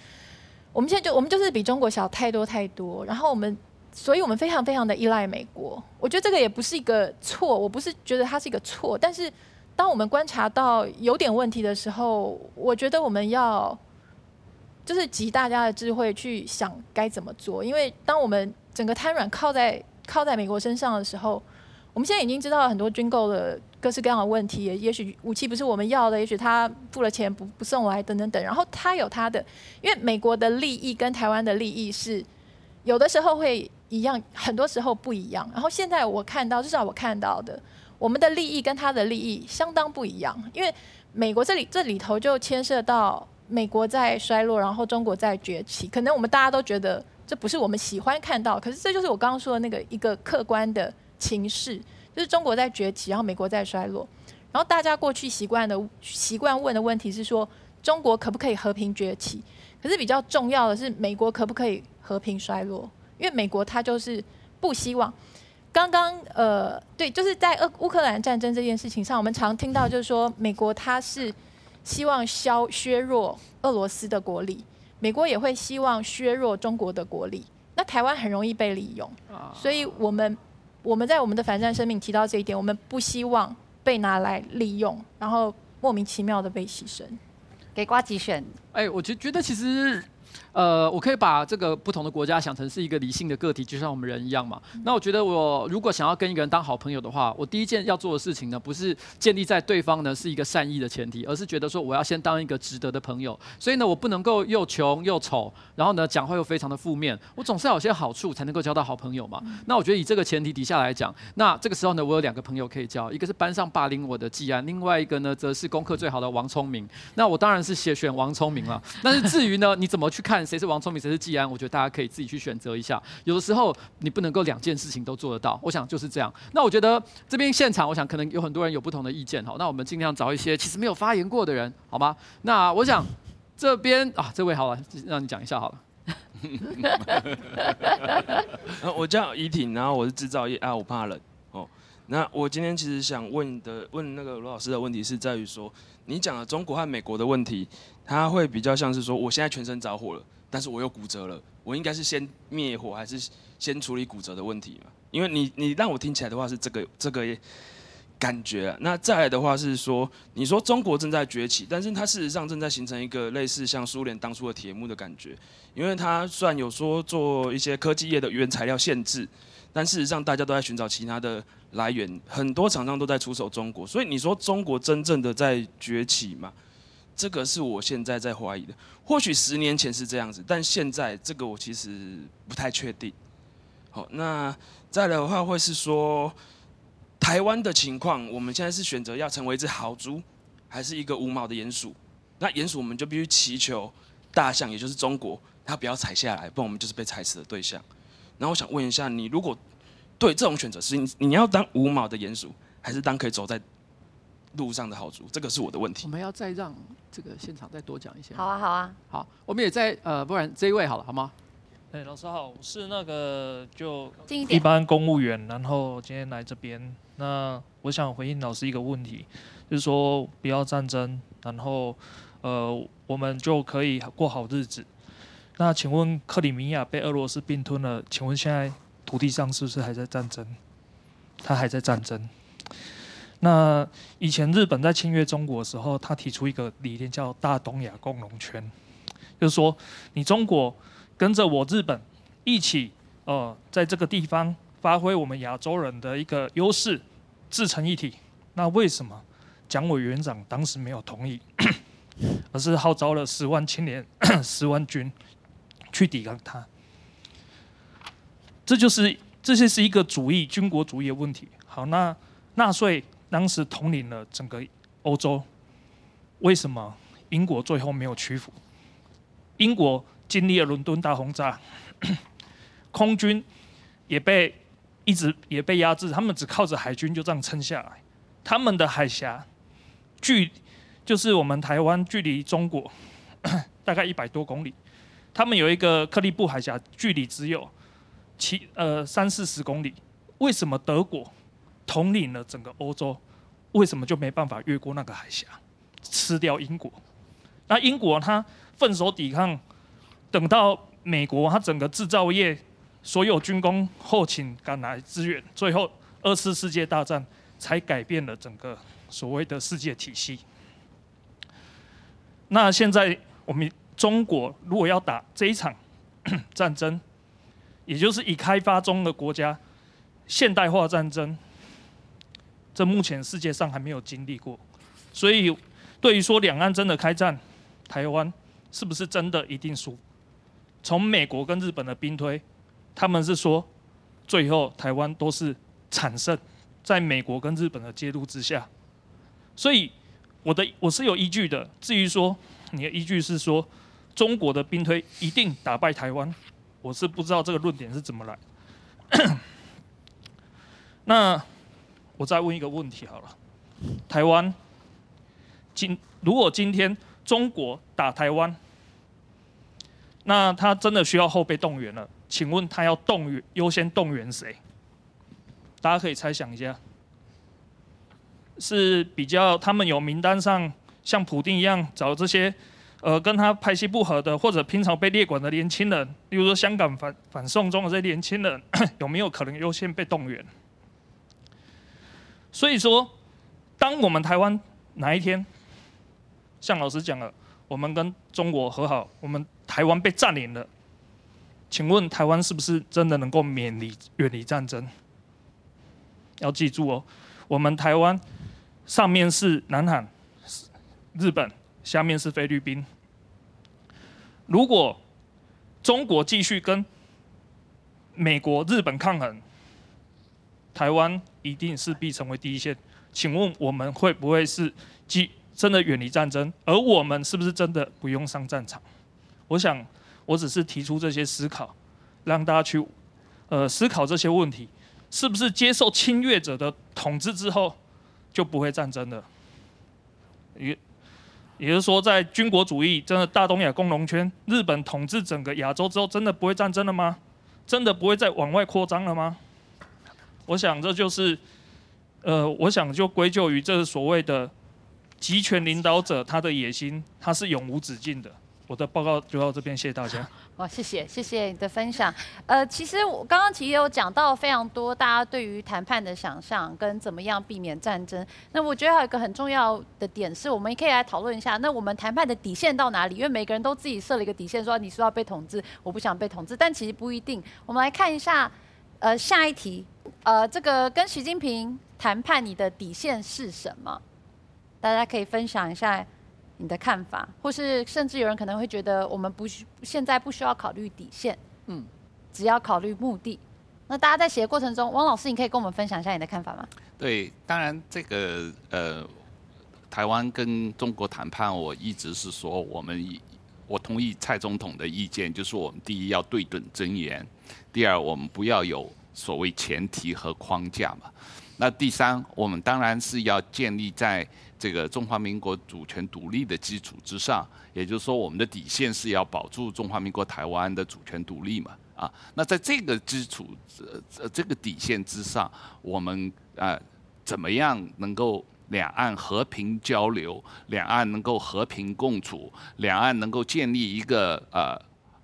我們現在就我們就是比中國小太多太多，然後我們，所以我們非常非常的依賴美國。我覺得這個也不是一個錯，我不是覺得它是一個錯，但是當我們觀察到有點問題的時候，我覺得我們要就是集大家的智慧去想該怎麼做，因為當我們整個癱軟靠在靠在美國身上的時候，我們現在已經知道很多軍購的。各式各樣的問題也，也許武器不是我們要的，也許他付了錢不不送來等等等等。然後他有他的，因為美國的利益跟台灣的利益是有的時候會一樣，很多時候不一樣。然後現在我看到，至少我看到的，我們的利益跟他的利益相當不一樣。因為美國這裡這裡頭就牽涉到美國在衰落，然後中國在崛起。可能我們大家都覺得這不是我們喜歡看到，可是這就是我剛剛說的那個一個客觀的情勢。就是中國在崛起，然後美國在衰落，然後大家過去習慣的習慣問的問題是說，中國可不可以和平崛起？可是比較重要的是，美國可不可以和平衰落？因為美國它就是不希望。剛剛呃，對，就是在烏克蘭戰爭這件事情上，我們常聽到就是說，美國它是希望削削弱俄羅斯的國力，美國也會希望削弱中國的國力。那台灣很容易被利用，所以我們。我們在我們的反戰聲明提到這一點，我們不希望被拿來利用，然後莫名其妙的被犧牲。給呱吉選。哎，我覺覺得其實。呃，我可以把這個不同的國家想成是一個理性的個體，就像我們人一樣嘛。那我覺得我如果想要跟一個人當好朋友的話，我第一件要做的事情呢，不是建立在對方呢是一個善意的前提，而是覺得說我要先當一個值得的朋友。所以呢，我不能夠又窮又醜，然後呢講話又非常的負面。我總是要有些好處才能夠交到好朋友嘛。嗯、那我覺得以這個前提底下來講，那這個時候呢，我有兩個朋友可以交，一個是班上霸凌我的技安，另外一個呢則是功課最好的王聰明。那我當然是先選王聰明了。但是至於呢，你怎麼去看？ 誰是王聰明，誰是季安？我覺得大家可以自己去選擇一下。有的時候你不能夠兩件事情都做得到，我想就是這樣。那我覺得這邊現場，我想可能有很多人有不同的意見，好，那我們盡量找一些其實沒有發言過的人，好嗎？那我想這邊啊，這位好了，讓你講一下好了、 啊。我叫怡婷，然後我是製造業啊，我怕冷。那我今天其實想問的，問那個盧老師的問題是在於說，你講的中國和美國的問題，他會比較像是說，我現在全身着火了，但是我又骨折了，我應該是先滅火還是先處理骨折的問題嘛？因為你你讓我聽起來的話是這個這個感覺啊。那再來的話是說，你說中國正在崛起，但是它事實上正在形成一個類似像蘇聯當初的鐵幕的感覺，因為它雖然有說做一些科技業的原材料限制。但事實上，大家都在尋找其他的來源，很多廠商都在出手中國，所以你說中國真正的在崛起嗎？這個是我現在在懷疑的。或許十年前是這樣子，但現在這個我其實不太確定。好、哦，那再來的話會是說台灣的情況，我們現在是選擇要成為一隻豪豬，還是一個無毛的鼹鼠？那鼹鼠我們就必須祈求大象，也就是中國，它不要踩下來，不然我們就是被踩死的對象。然後我想問一下，你如果對這種選擇是，你要當五毛的鼴鼠，還是當可以走在路上的豪豬？這個是我的問題。我們要再讓這個現場再多講一些。好啊，好啊，好，我們也在呃，不然這一位好了，好嗎？誒，老師好，我是那個就一般公務員，然後今天來這邊。那我想回應老師一個問題，就是說不要戰爭，然後呃，我們就可以過好日子。那請問，克里米亞被俄羅斯併吞了，請問現在土地上是不是還在戰爭？它還在戰爭。那以前日本在侵略中國的時候，他提出一個理念叫“大東亞共榮圈”，就是說你中國跟着我日本一起，呃，在這個地方發揮我們亞洲人的一個優勢，自成一體。那為什麼蔣委員長當時沒有同意， 而是號召了十萬青年、 十萬軍？去抵抗他，這就是這些是一個主義軍國主義的問題。好，那納粹當時統領了整個歐洲，為什麼英國最後沒有屈服？英國經歷了倫敦大轟炸，空軍也被一直也被壓制，他們只靠着海軍就這樣撐下來。他們的海峽距就是我們台灣距離中國大概一百多公里。他們有一個克利布海峽，距離只有七、呃三四十公里。為什麼德國統領了整個歐洲，為什麼就沒辦法越過那個海峽，吃掉英國？那英國它奮守抵抗，等到美國它整個製造業、所有軍工後勤趕來支援，最後二次世界大戰才改變了整個所謂的世界體系。那現在我們。中國如果要打這一場戰爭，也就是已開發中的國家現代化戰爭，這目前世界上還沒有經歷過。所以，對於說兩岸真的開戰，台灣是不是真的一定輸？從美國跟日本的兵推，他們是說最後台灣都是慘勝，在美國跟日本的介入之下。所以，我的我是有依據的。至於說你的依據是說。中國的兵推一定打敗台灣，我是不知道這個論點是怎麼來。 那我再問一個問題好了，台灣今如果今天中國打台灣，那他真的需要後備動員了？請問他要動員優先動員誰？大家可以猜想一下，是比較他們有名單上像普丁一樣找這些？呃，跟他派系不合的，或者平常被列管的年輕人，比如說香港反反送中的這些年輕人，有沒有可能優先被動員？所以說，當我們台灣哪一天，像老師講的，我們跟中國和好，我們台灣被占領了，請問台灣是不是真的能夠免離遠離戰爭？要記住哦，我們台灣上面是南韓，是日本。下面是菲律賓。如果中國繼續跟美國、日本抗衡，台灣一定勢必成為第一線。請問我們會不會是真的遠離戰爭？而我們是不是真的不用上戰場？我想，我只是提出這些思考，讓大家去呃思考這些問題：是不是接受侵略者的統治之後就不會戰爭了？也就是說，在軍國主義真的大東亞共榮圈，日本統治整個亞洲之後，真的不會戰爭了嗎？真的不會再往外擴張了嗎？我想這就是，呃，我想就歸咎於這個所謂的集權領導者，他的野心他是永無止境的。我的報告就到這邊，謝謝大家。哇、哦，謝謝謝謝你的分享。呃，其實我剛剛其實也有講到非常多大家對於談判的想象跟怎麼樣避免戰爭。那我覺得還有一個很重要的點是，我們也可以來討論一下，那我們談判的底線到哪裡？因為每個人都自己設了一個底線，說你是要被統治，我不想被統治。但其實不一定。我們來看一下，呃，下一題，呃，這個跟習近平談判，你的底線是什麼？大家可以分享一下。你的看法，或是甚至有人可能會覺得我們不需現在不需要考慮底線，嗯，只要考慮目的。那大家在寫的過程中，汪老師，你可以跟我們分享一下你的看法嗎？對，當然這個呃，台灣跟中國談判，我一直是說我們，我同意蔡總統的意見，就是我們第一要對等尊嚴，第二我們不要有所謂前提和框架嘛，那第三我們當然是要建立在。這個中華民國主權獨立的基礎之上，也就是說，我們的底線是要保住中華民國台灣的主權獨立嘛。啊，那在這個基礎、這、呃、這個底線之上，我們啊、呃，怎麼樣能夠兩岸和平交流？兩岸能夠和平共處？兩岸能夠建立一個呃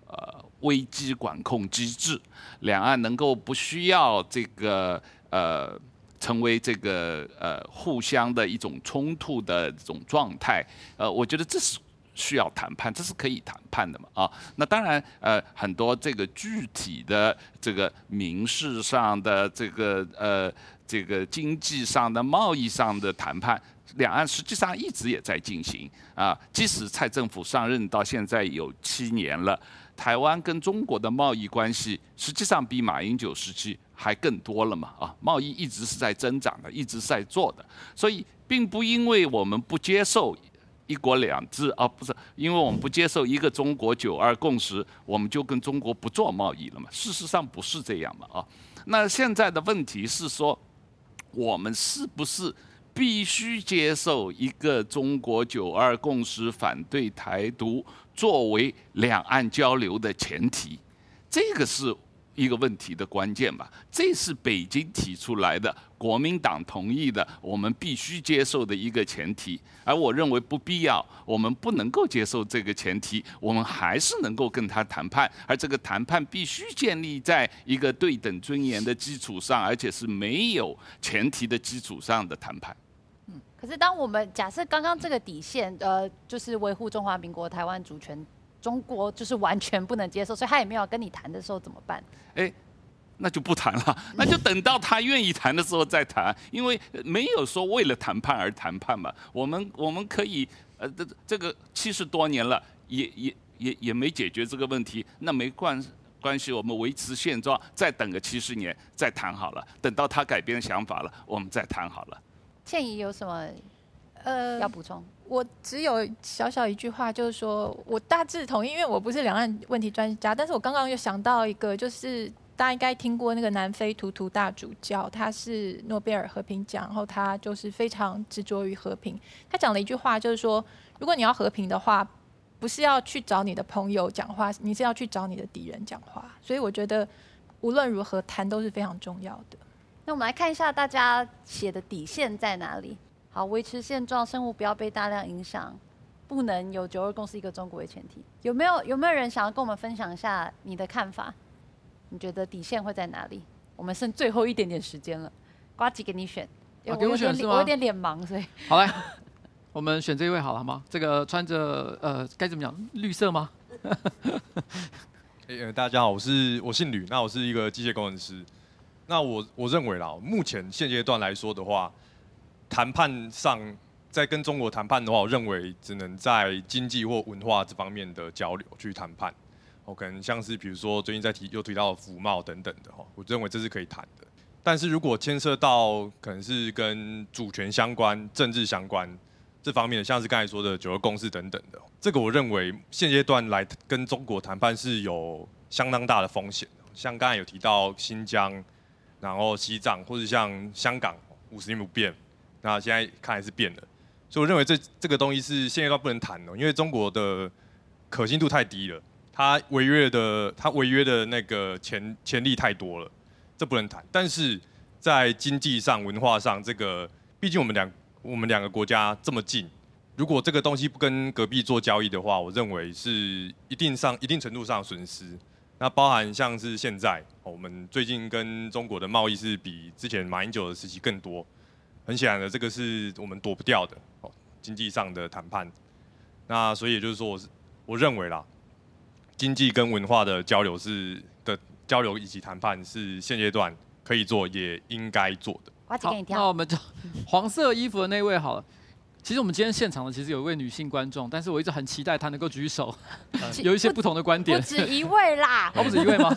呃危機管控機制？兩岸能夠不需要這個呃，成為這個呃互相的一種衝突的這種狀態，呃，我覺得這是需要談判，這是可以談判的嘛啊。那當然呃很多這個具體的這個民事上的這個呃這個經濟上的貿易上的談判，兩岸實際上一直也在進行啊，即使蔡政府上任到現在有七年了。台灣跟中國的貿易關係，實際上比馬英九時期還更多了嘛啊，貿易一直是在增長的，一直在做的，所以並不因為我們不接受一國兩制啊，不是因為我們不接受一個中國九二共識，我們就跟中國不做貿易了嘛，事實上不是這樣嘛啊，那現在的問題是說，我們是不是必須接受一個中國九二共識，反對台獨？作為兩岸交流的前提，這個是一個問題的關鍵吧？這是北京提出來的，國民黨同意的，我們必須接受的一個前提。而我認為不必要，我們不能夠接受這個前提，我們還是能夠跟他談判。而這個談判必須建立在一個對等尊嚴的基礎上，而且是沒有前提的基礎上的談判。嗯，可是當我們假設剛剛這個底線，呃，就是維護中華民國台灣主權，中國就是完全不能接受，所以他也沒有跟你談的時候怎麼辦？哎、欸，那就不談了，那就等到他願意談的時候再談， 因為沒有說為了談判而談判嘛。我們我們可以，呃，這這個七十多年了，也也也也沒解決這個問題，那沒關關係，我們維持現狀，再等個七十年再談好了，等到他改變想法了，我們再談好了。倩儀有什麼？呃，要補充？我只有小小一句話，就是說我大致同意，因為我不是兩岸問題專家。但是我剛剛又想到一個，就是大家應該聽過那個南非圖圖大主教，他是諾貝爾和平獎，然後他就是非常執着於和平。他講了一句話，就是說，如果你要和平的話，不是要去找你的朋友講話，你是要去找你的敵人講話。所以我覺得無論如何談都是非常重要的。那我們來看一下大家寫的底線在哪裡？好，維持現狀，生活不要被大量影響，不能有“九二共識。一個中國”的前提。有沒有，有沒有人想要跟我們分享一下你的看法？你覺得底線會在哪裡？我們剩最後一點點時間了，呱吉給你選。啊、我給我選是嗎？我有點臉盲，所以好了，我們選這一位好了好嗎？這個穿着呃，該怎麼講？綠色嗎？ 欸，呃，大家好，我是我姓呂，那我是一個機械工程師。那我我認為啦，目前現階段來說的話，談判上，在跟中國談判的話，我認為只能在經濟或文化這方面的交流去談判。我、哦、可能像是比如說最近在提又提到的服貿等等的哈、哦，我認為這是可以談的。但是如果牽涉到可能是跟主權相關、政治相關這方面的，像是剛才說的九二共識等等的，這個我認為現階段來跟中國談判是有相當大的風險的。像剛才有提到新疆。然後西藏或者像香港五十年不變，那現在看來是變了，所以我認為這這個東西是現在都不能談的，因為中國的可信度太低了，它違約的它違約的那個潛潛力太多了，這不能談。但是在經濟上、文化上，這個畢竟我們兩我們兩個國家這麼近，如果這個東西不跟隔壁做交易的話，我認為是一定上一定程度上損失。那包含像是現在，我們最近跟中國的貿易是比之前馬英九的時期更多，很顯然的，這個是我們躲不掉的哦，經濟上的談判。那所以也就是說，我是我認為啦，經濟跟文化的交流是的交流以及談判是現階段可以做也應該做的。好，那我們就黃色衣服的那位好了。其實我們今天現場呢，其實有一位女性觀眾，但是我一直很期待她能夠舉手，嗯、有一些不同的觀點。不止一位啦、 哦，不止一位嗎？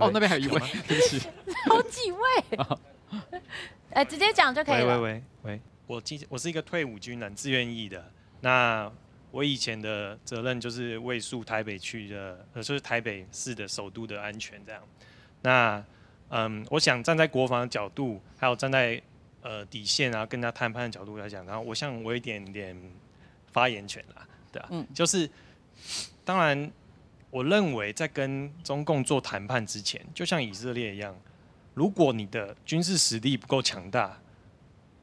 哦，那邊還有一位，有 惜幾位。哎、 欸、直接講就可以了。喂喂喂喂，我今我是一個退伍軍人，志願役的。那我以前的責任就是衛戍台北區的，呃，就是台北市的首都的安全這樣。那嗯，我想站在國防的角度，還有站在。呃，底線啊，跟他談判的角度來講，然後我像我一點點發言權啦、啊，對啊，嗯，就是當然，我認為在跟中共做談判之前，就像以色列一樣，如果你的軍事實力不夠強大，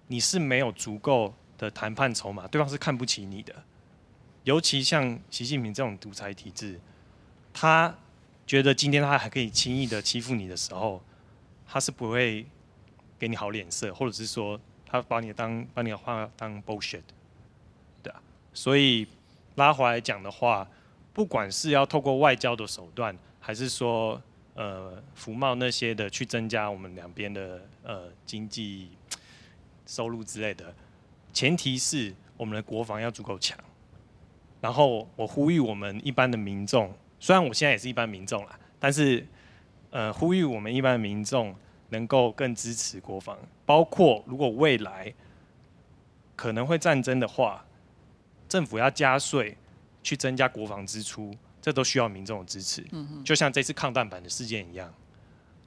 你是沒有足夠的談判籌碼，對方是看不起你的，尤其像習近平這種獨裁體制，他覺得今天他還可以輕易的欺負你的時候，他是不會。給你好臉色，或者是說他把你當把你的話當 bullshit，對啊，所以拉回來講的話，不管是要透過外交的手段，還是說呃服貿那些的去增加我們兩邊的呃經濟收入之類的，前提是我們的國防要足夠強。然後我呼籲我們一般的民眾，雖然我現在也是一般民眾啦，但是呃呼籲我們一般的民眾。能夠更支持國防，包括如果未來可能會戰爭的話，政府要加稅去增加國防支出，這都需要民眾的支持。嗯哼。就像這次抗彈板的事件一樣，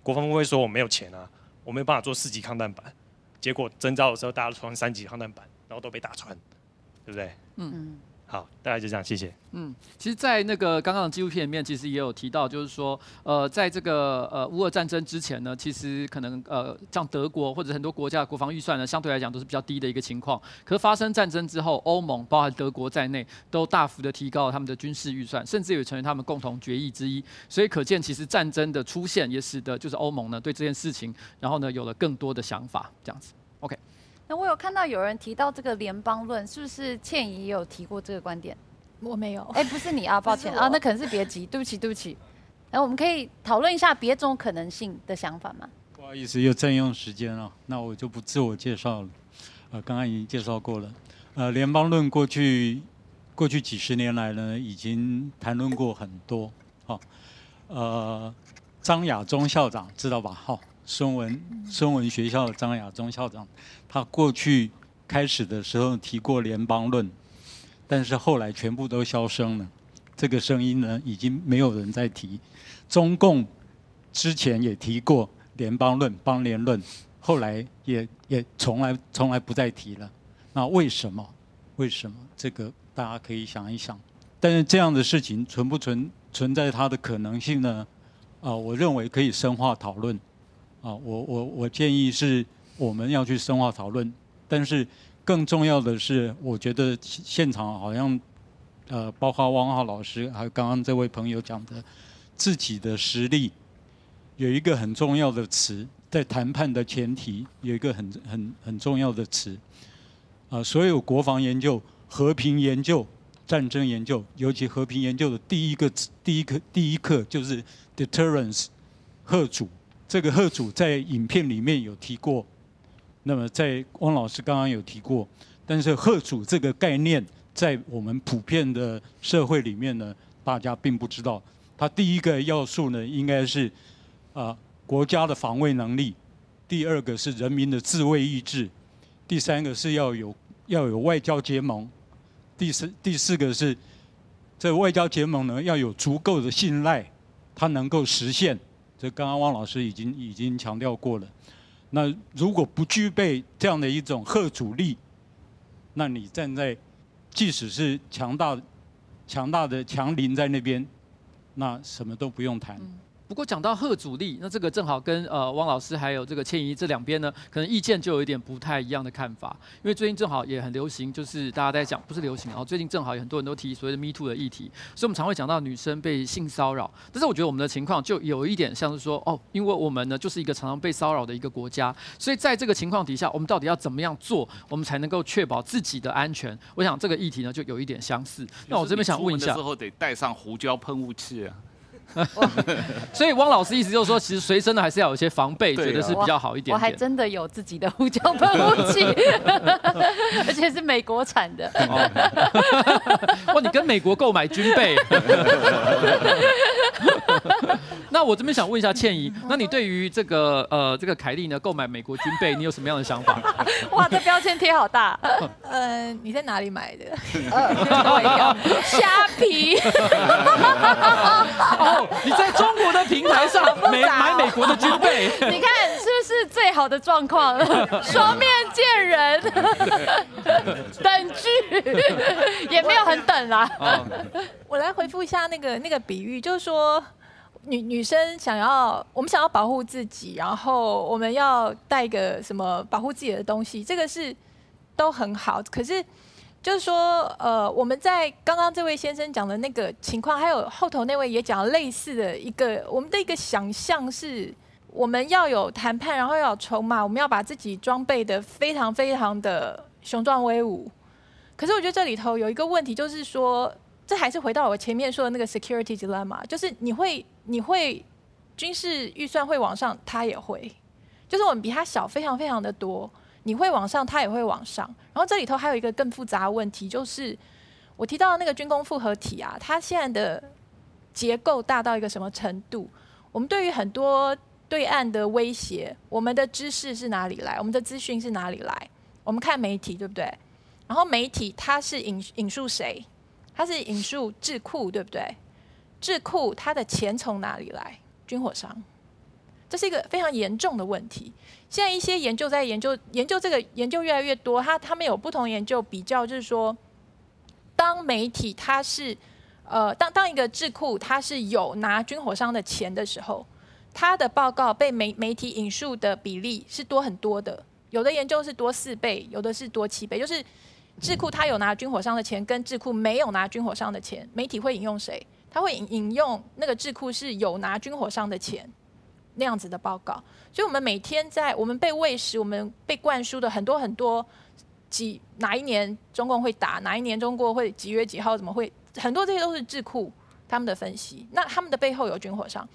國防部會說我沒有錢啊，我沒有辦法做四級抗彈板，結果徵召的時候大家都穿三級抗彈板，然後都被打穿，對不對？嗯。嗯好，大概就這樣，謝謝。嗯，其實，在那個剛剛的紀錄片裡面，其實也有提到，就是說，呃，在這個呃烏俄戰爭之前呢，其實可能呃像德國或者很多國家的國防預算呢，相對來講都是比較低的一個情況。可是發生戰爭之後，歐盟包含德國在內都大幅的提高了他們的軍事預算，甚至也成為他們共同決議之一。所以可見，其實戰爭的出現也使得就是歐盟呢對這件事情，然後呢有了更多的想法，這樣子。OK。那我有看到有人提到這個《聯邦論》，是不是倩儀也有提過這個觀點？我沒有。哎、欸，不是你啊，抱歉啊，那可能是別急，對不起，對不起。那我們可以討論一下別種可能性的想法嗎？不好意思，又占用時間了，啊，那我就不自我介紹了。呃，剛剛已經介紹過了。呃，《聯邦論》過去過去幾十年來呢，已經談論過很多。好、哦，呃，張亞中校長知道吧？好、哦。孫文，孫文學校的張亞中校長，他過去開始的時候提過《聯邦論》，但是後來全部都消聲了。這個聲音呢，已經沒有人再提。中共之前也提過《聯邦論》、《邦聯論》，後來也也從來從來不再提了。那為什麼？為什麼？這個大家可以想一想。但是這樣的事情存不存存在它的可能性呢？啊、呃，我認為可以深化討論。啊，我我我建議是，我們要去深化討論。但是更重要的是，我覺得現場好像，呃，包括汪浩老師，還有剛剛這位朋友講的，自己的實力，有一個很重要的詞，在談判的前提有一個很很很重要的詞，啊，所有國防研究、和平研究、戰爭研究，尤其和平研究的第一個第一課第一課就是 deterrence 嚇阻。這個嚇阻在影片裡面有提過，那麼在汪老師剛剛有提過，但是嚇阻這個概念在我們普遍的社會裡面呢，大家並不知道。它第一個要素呢，應該是啊國家的防衛能力；第二個是人民的自衛意志；第三個是要有要有外交結盟；第四第四個是這外交結盟呢要有足夠的信賴，它能夠實現。剛剛汪老師已經已經強調過了，那如果不具備這樣的一種嚇阻力，那你站在，即使是強大、強大的強鄰在那邊，那什麼都不用談。嗯不過講到嚇阻力，那這個正好跟呃汪老師還有這個倩儀這兩邊呢，可能意見就有一點不太一樣的看法。因為最近正好也很流行，就是大家在講，不是流行，然、哦、後最近正好有很多人都提所謂的 Me Too 的議題，所以我們常會講到女生被性騷擾。但是我覺得我們的情況就有一點像是說，哦，因為我們呢就是一個常常被騷擾的一個國家，所以在這個情況底下，我們到底要怎麼樣做，我們才能夠確保自己的安全？我想這個議題呢就有一點相似。那我這邊想問一下，出門的時候得帶上胡椒噴霧器啊？哇所以汪老師意思就是說，其實隨身的還是要有一些防備，了覺得是比較好一點，點。我還真的有自己的胡椒噴霧器， 而且是美國產的。哦、 哇，你跟美國購買軍備？ 那我這邊想問一下倩儀，那你對於這個呃這個凱莉呢購買美國軍備，你有什麼樣的想法？哇，這標籤貼好大。嗯、呃，你在哪裡買的？蝦皮。 你在中國的平台上買買美國的軍備， 你看是不是最好的狀況？雙面見人，等距也沒有很等啦，啊。我來回復一下那個那個比喻，就是說女女生想要，我們想要保護自己，然後我們要帶個什麼保護自己的東西，這個是都很好，可是。就是說，呃，我們在剛剛這位先生講的那個情況，還有後頭那位也講類似的一個，我們的一個想象是，我們要有談判，然後要有籌碼，我們要把自己裝備得非常非常的雄壯威武。可是我覺得這裡頭有一個問題，就是說，這還是回到我前面說的那個 security dilemma，就是你會，你會軍事預算會往上，他也會，就是我們比他小非常非常的多。你會往上，它也會往上。然後這裡頭還有一個更複雜的問題，就是我提到的那個軍工複合體啊，它現在的結構大到一個什麼程度？我們對於很多對岸的威脅，我們的知識是哪裡來？我們的資訊是哪裡來？我們看媒體，對不對？然後媒體它是引引述誰？它是引述智庫，對不對？智庫它的錢從哪裡來？軍火商，這是一個非常嚴重的問題。現在一些研究在研究研究這個研究越來越多，他他們有不同研究比較，就是說，當媒體它是呃當當一個智庫它是有拿軍火商的錢的時候，它的報告被媒媒體引述的比例是多很多的，有的研究是多四倍，有的是多七倍。就是智庫它有拿軍火商的錢，跟智庫沒有拿軍火商的錢，媒體會引用誰？他會引引用那個智庫是有拿軍火商的錢那樣子的報告，所以我們每天在我們被餵食、我們被灌輸的很多很多幾，幾哪一年中共會打，哪一年中國會幾月幾號，怎麼會，很多這些都是智庫他們的分析，那他們的背後有軍火商，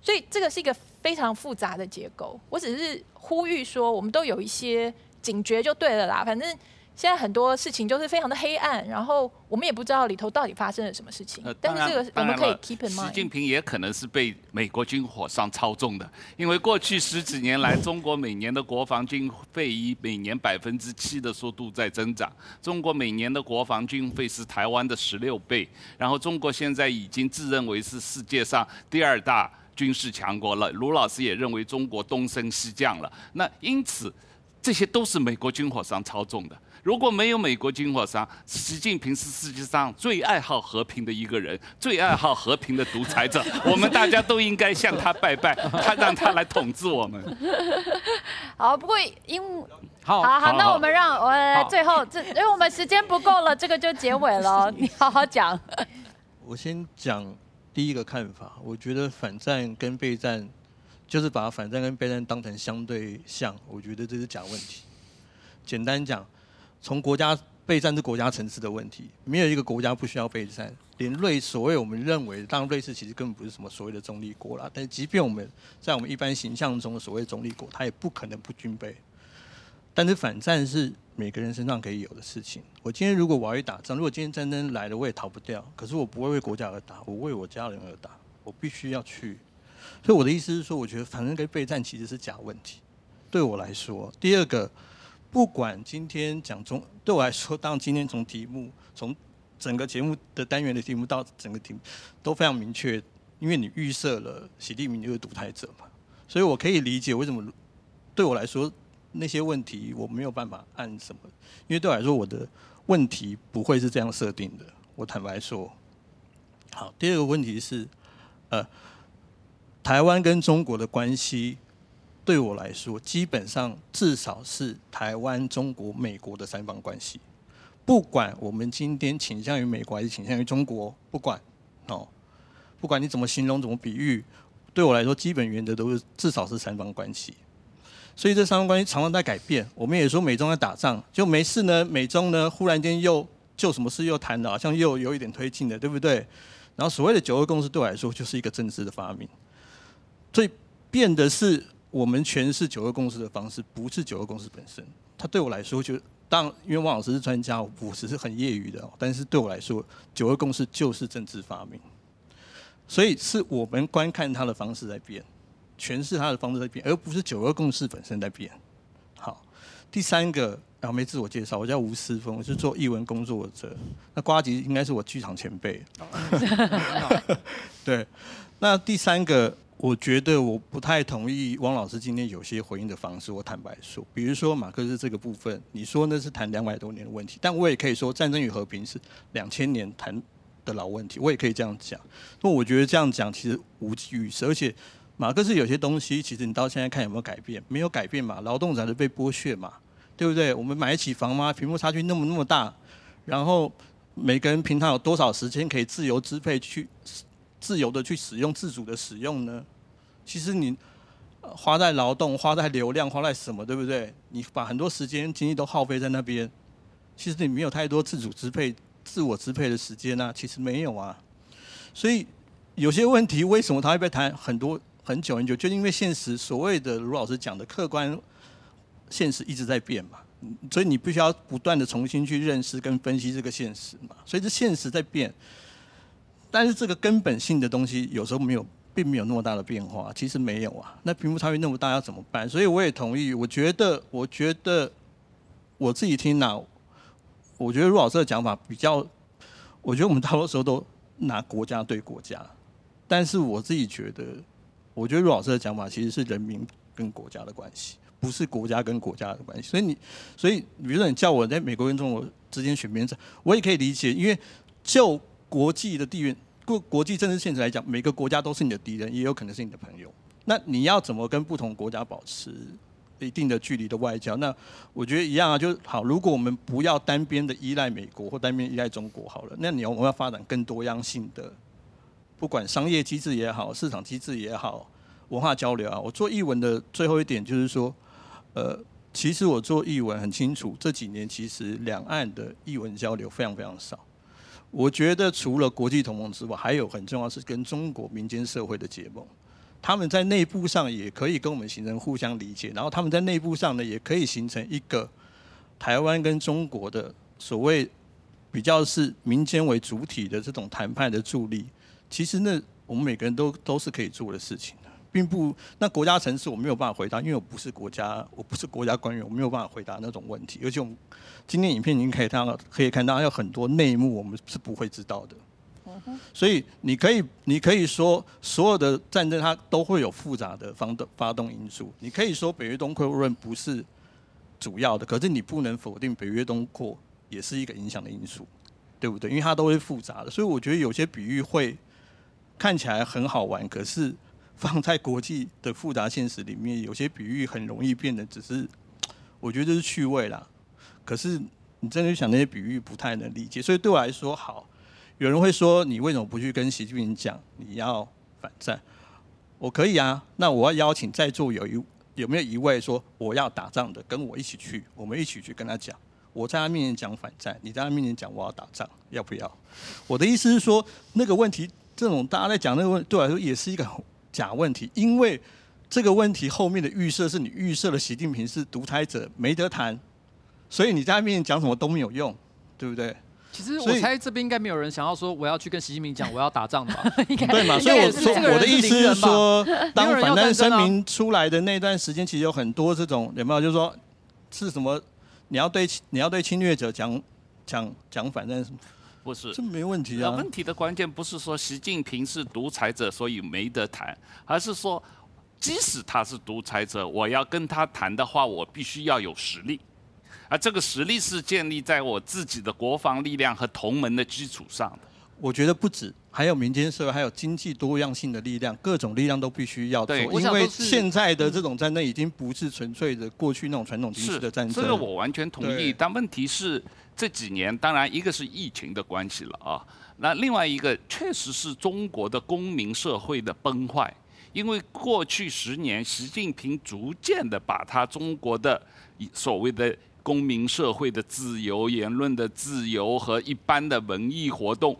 所以這個是一個非常複雜的結構。我只是呼籲說，我們都有一些警覺就對了啦，反正。現在很多事情就是非常的黑暗，然後我們也不知道裡頭到底發生了什麼事情。呃，但是這個我們可以 keep in mind。習近平也可能是被美國軍火商操縱的，因為過去十幾年來， 中國每年的國防軍費以每年百分之七的速度在增長。中國每年的國防軍費是台灣的十六倍，然後中國現在已經自認為是世界上第二大軍事強國了。盧老師也認為中國東升西降了，那因此這些都是美國軍火商操縱的。如果沒有美國軍火商，習近平是世界上最愛好和平的一個人，最愛好和平的獨裁者。我們大家都應該向他拜拜，他讓他來統治我們。好，不過因好好好，那我們讓呃最後這，因為我們時間不夠了，這個就結尾了。你好好講。我先講第一個看法，我覺得反戰跟備戰，就是把反戰跟備戰當成相對項，我覺得這是假問題。簡單講。從國家備戰是國家層次的問題，沒有一個國家不需要備戰。連瑞士，所謂我們認為，當然瑞士其實根本不是什麼所謂的中立國啦。但即便我們在我們一般形象中的所謂中立國，它也不可能不軍備。但是，反戰是每個人身上可以有的事情。我今天如果我要去打仗，如果今天戰爭來了，我也逃不掉。可是，我不會為國家而打，我為我家人而打。我必須要去。所以，我的意思是說，我覺得反正跟備戰其實是假問題。對我來說，第二個。不管今天講中，對我來說，當然今天從題目、從整個節目的單元的題目到整個題目都非常明確，因為你預設了習近平就是獨裁者嘛，所以我可以理解為什麼對我來說那些問題我沒有辦法按什麼，因為對我來說我的問題不會是這樣設定的。我坦白說，好，第二個問題是，呃，台灣跟中國的關係。對我來說，基本上至少是台灣、中國、美國的三方關係。不管我們今天傾向於美國還是傾向於中國，不管哦，不管你怎麼形容、怎麼比喻，對我來說，基本原則都是至少是三方關係。所以這三方關係常常在改變。我們也說美中在打仗，就沒事呢。美中呢，忽然間又就什麼事又談了，好像又有一點推進的，對不對？然後所謂的九二共識，對我來說就是一個政治的發明。所以變的是。我們詮釋九二共識的方式，不是九二共識本身。他對我來說，就當因為汪老師是專家，我只是很業餘的。但是對我來說，九二共識就是政治發明，所以是我們觀看他的方式在變，詮釋他的方式在變，而不是九二共識本身在變。好，第三個，啊，然後沒自我介紹，我叫吳思峰，我是做藝文工作者。那呱吉應該是我劇場前輩。 對，那第三個。我覺得我不太同意汪老師今天有些回應的方式。我坦白說，比如說馬克思這個部分，你說那是談兩百多年的問題，但我也可以說《戰爭與和平》是兩千年談的老問題，我也可以這樣講。那我覺得這樣講其實無濟於事。而且馬克思有些東西，其實你到現在看有沒有改變？沒有改變嘛，勞動者被剝削嘛，對不對？我們買得起房嗎？貧富差距那麼那麼大，然後每個人平常有多少時間可以自由支配去？自由的去使用，自主的使用呢？其實你花在勞動、花在流量、花在什麼，對不對？你把很多時間、精力都耗費在那邊，其實你沒有太多自主支配、自我支配的時間呢、啊，其實沒有啊。所以有些問題，為什麼他會被談很多很久很久？就因為現實，所謂的盧老師講的客觀現實一直在變嘛。所以你必須要不斷的重新去認識跟分析這個現實嘛。所以這現實在變。但是這個根本性的東西有時候沒有，並沒有那麼大的變化，其實沒有啊。那貧富差距那麼大，要怎麼辦？所以我也同意。我覺得，我覺得我自己聽吶、啊，我覺得盧老師的講法比較。我覺得我們大多時候都拿國家對國家，但是我自己覺得，我覺得盧老師的講法其實是人民跟國家的關係，不是國家跟國家的關係。所以你，所以比如說你叫我在美國跟中國之間選邊站，我也可以理解，因為就。國際的地緣，國、國際政治現實來講，每個國家都是你的敵人，也有可能是你的朋友。那你要怎麼跟不同國家保持一定的距離的外交？那我覺得一樣啊，就是好，如果我們不要單邊的依賴美國或單邊依賴中國，好了，那你要我們要發展更多樣性的，不管商業機制也好，市場機制也好，文化交流啊。我做藝文的最後一點就是說，呃，其實我做藝文很清楚，這幾年其實兩岸的藝文交流非常非常少。我覺得除了國際同盟之外，還有很重要是跟中國民間社會的結盟，他們在內部上也可以跟我們形成互相理解，然後他們在內部上呢也可以形成一個台灣跟中國的所謂比較是民間為主體的這種談判的助力。其實那我們每個人都都是可以做的事情。並不，那國家層次我沒有辦法回答，因為我不是國家，我不是國家官員，我沒有辦法回答那種問題。而且我們今天影片已經可以看到，可以看到有很多內幕我們是不會知道的。嗯哼。所以你可以，你可以說所有的戰爭它都會有複雜的發動發動因素。你可以說北約東擴不不是主要的，可是你不能否定北約東擴也是一個影響的因素，對不對？因為它都是複雜的。所以我覺得有些比喻會看起來很好玩，可是。放在國際的複雜現實裡面，有些比喻很容易變得只是，我覺得這是趣味啦。可是你真的去想那些比喻，不太能理解。所以對我來說，好，有人會說你為什麼不去跟習近平講你要反戰？我可以啊，那我要邀請在座有一有沒有一位說我要打仗的，跟我一起去，我們一起去跟他講，我在他面前講反戰，你在他面前講我要打仗，要不要？我的意思是說，那個問題，這種大家在講那個問題，對我來說也是一個。假問題，因為這個問題後面的預設是你預設了習近平是獨裁者，沒得談，所以你在他面前講什麼都沒有用，對不對？其實我猜這邊應該沒有人想要說我要去跟習近平講我要打仗吧？ 對嗎？所以我說我的意思是說，當反戰聲明出來的那段時間，其實有很多這種有沒有？就是說是什麼？你要對你要對侵略者講講講反戰什麼？不是，這沒問題啊。問題的關鍵不是說習近平是獨裁者，所以沒得談，而是說，即使他是獨裁者，我要跟他談的話，我必須要有實力，而這個實力是建立在我自己的國防力量和同盟的基礎上的。我覺得不止，還有民間社會，還有經濟多樣性的力量，各種力量都必須要做。對，因為現在的這種戰爭已經不是純粹的過去那種傳統軍事的戰爭、啊。是，這個我完全同意。對但問題是這幾年，當然一個是疫情的關係了啊，那另外一個確實是中國的公民社會的崩壞，因為過去十年，習近平逐漸的把他中國的所謂的公民社會的自由、言論的自由和一般的文藝活動。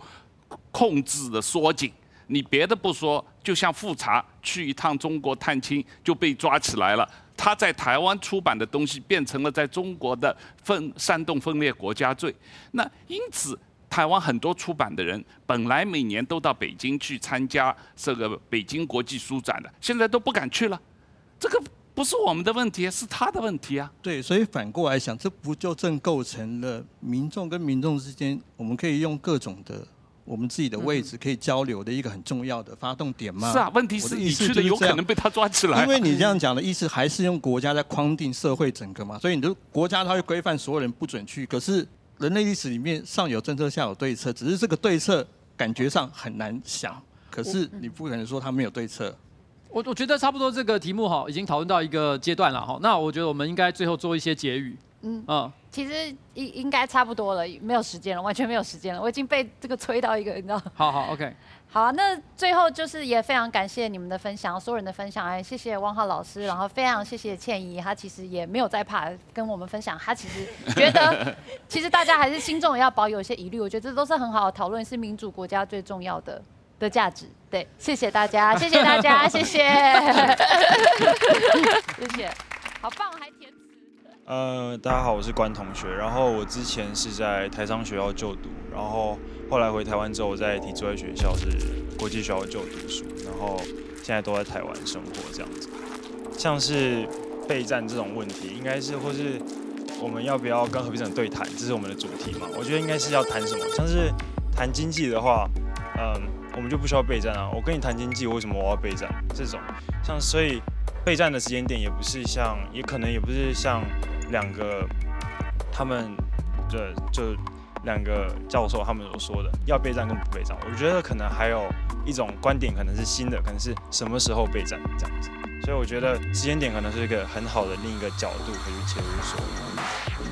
控制的縮緊，你別的不說，就像富察去一趟中國探親就被抓起來了。他在台灣出版的東西變成了在中國的分煽動分裂國家罪。那因此，台灣很多出版的人本來每年都到北京去參加這個北京國際書展的，現在都不敢去了。這個不是我們的問題，是他的問題啊。對，所以反過來想，這不就正構成了民眾跟民眾之間，我們可以用各種的。我們自己的位置可以交流的一個很重要的發動點嘛？是啊，問題是你去的有可能被他抓起來。因為你這樣講的意思還是用國家在框定社會整個嘛，所以你的國家它會規範所有人不准去。可是人類歷史裡面上有政策，下有對策，只是這個對策感覺上很難想。可是你不可能說他沒有對策。我我我覺得差不多這個題目哈已經討論到一個階段了哈，那我覺得我們應該最後做一些結語。嗯、哦、其實應應該差不多了，沒有時間了，完全沒有時間了，我已經被這個催到一個，你知道？好好，OK，好啊，那最後就是也非常感謝你們的分享，所有人的分享，哎，謝謝汪浩老師，然後非常謝謝倩儀，她其實也沒有在怕跟我們分享，她其實覺得， 其實大家還是心中也要保有一些疑慮，我覺得這都是很好的討論，是民主國家最重要的的價值。對，謝謝大家，謝謝大家，謝謝， 謝謝，好棒，還挺。呃，大家好，我是關同學。然後我之前是在台商學校就讀，然後後來回台灣之後，我在體制外學校是國際學校就讀書，然後現在都在台灣生活這樣子。像是備戰這種問題，應該是或是我們要不要跟河北省對談？這是我們的主題嘛？我覺得應該是要談什麼？像是談經濟的話，嗯、呃，我們就不需要備戰啊。我跟你談經濟，為什麼我要備戰？這種像，所以備戰的時間點也不是像，也可能也不是像。兩個，他們就就兩個教授他們所說的要備戰跟不備戰，我覺得可能還有一種觀點可能是新的，可能是什麼時候備戰這樣子，所以我覺得時間點可能是一個很好的另一個角度可以切入說，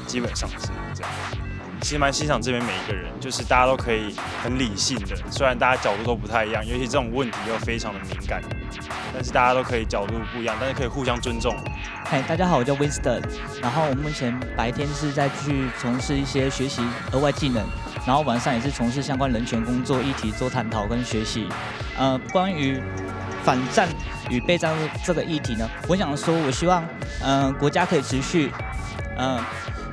基本上是這樣子。其實蠻欣賞這邊每一個人，就是大家都可以很理性的，雖然大家角度都不太一樣，尤其這種問題又非常的敏感，但是大家都可以角度不一樣，但是可以互相尊重。嗨，hey, 大家好，我叫 Winston，然後我目前白天是在去從事一些學習額外技能，然後晚上也是從事相關人權工作議題做探討跟學習。呃，關於反戰與備戰這個議題呢，我想說我希望，嗯、呃，國家可以持續，嗯、呃。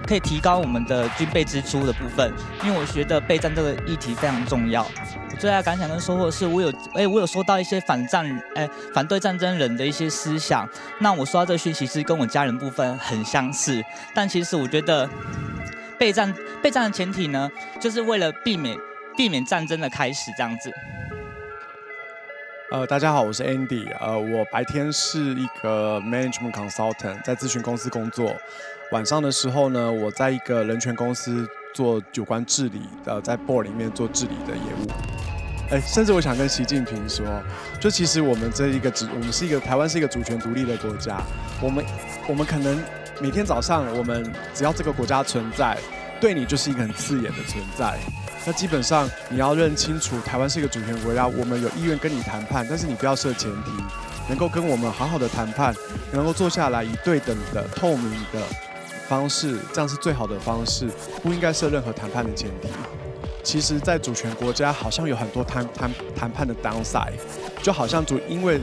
可以提高我們的軍備支出的部分，因為我覺得備戰這個議題非常重要。我最大的感想跟收穫是我有哎、欸，我有收到一些反戰哎、欸、反對戰爭人的一些思想。那我收到這個訊息是跟我家人部分很相似，但其實我覺得備戰備戰的前提呢，就是為了避免避免戰爭的開始這樣子。呃，大家好，我是 Andy，呃，我白天是一個 Management Consultant，在諮詢公司工作。晚上的時候呢，我在一個人權公司做有關治理的，呃，在 board 裡面做治理的業務。哎、欸，甚至我想跟習近平說，就其實我們這一個只我們是一個台灣是一個主權獨立的國家，我們我們可能每天早上，我們只要這個國家存在，對你就是一個很刺眼的存在。那基本上你要認清楚，台灣是一個主權國家，我們有意願跟你談判，但是你不要設前提，能夠跟我們好好的談判，能夠坐下來以對等的、透明的。方式，這樣是最好的方式，不應該設任何談判的前提。其實，在主權國家好像有很多談談談判的 downside，就好像主因為。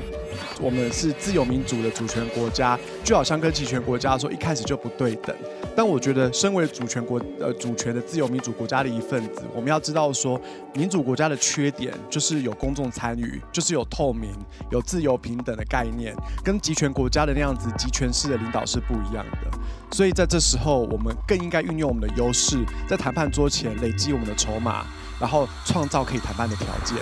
我們是自由民主的主權國家，就好像跟極權國家說，一開始就不對等。但我覺得，身為主權國呃主權的自由民主國家的一份子，我們要知道說，民主國家的缺點就是有公眾參與，就是有透明、有自由、平等的概念，跟極權國家的那樣子極權式的領導是不一樣的。所以在這時候，我們更應該運用我們的優勢，在談判桌前累積我們的籌碼，然後創造可以談判的條件。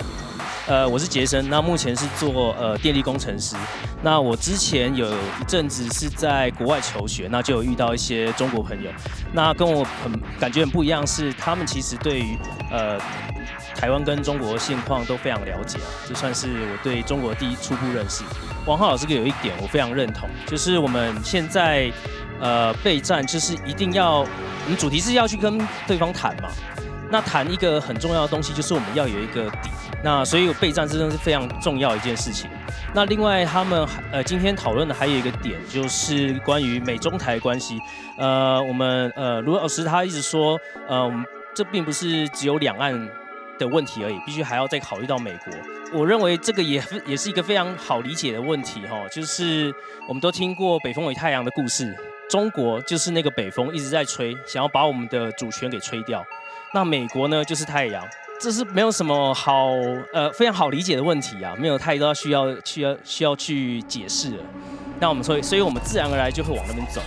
呃，我是傑森，那目前是做呃電力工程師。那我之前有一陣子是在國外求學，那就有遇到一些中國朋友。那跟我很感覺很不一樣是，他們其實對於呃台灣跟中國現況都非常了解，這算是我對中國第一初步認識。汪浩老師有一點我非常認同，就是我們現在呃備戰，就是一定要我們主題是要去跟對方談嘛。那談一個很重要的東西，就是我們要有一個底。那所以有備戰真的是非常重要一件事情。那另外他們呃今天討論的還有一個點，就是關於美中台的關係。呃我們呃盧老師他一直說，呃，我們這並不是只有兩岸的問題而已，必須還要再考慮到美國。我認為這個也也是一個非常好理解的問題哈、哦，就是我們都聽過北風與太陽的故事，中國就是那個北風一直在吹，想要把我們的主權給吹掉。那美國呢，就是太陽。這是沒有什麼好，呃，非常好理解的問題啊，沒有太多需要、需要、需要去解釋了。那我們所以，所以我們自然而然就會往那邊走。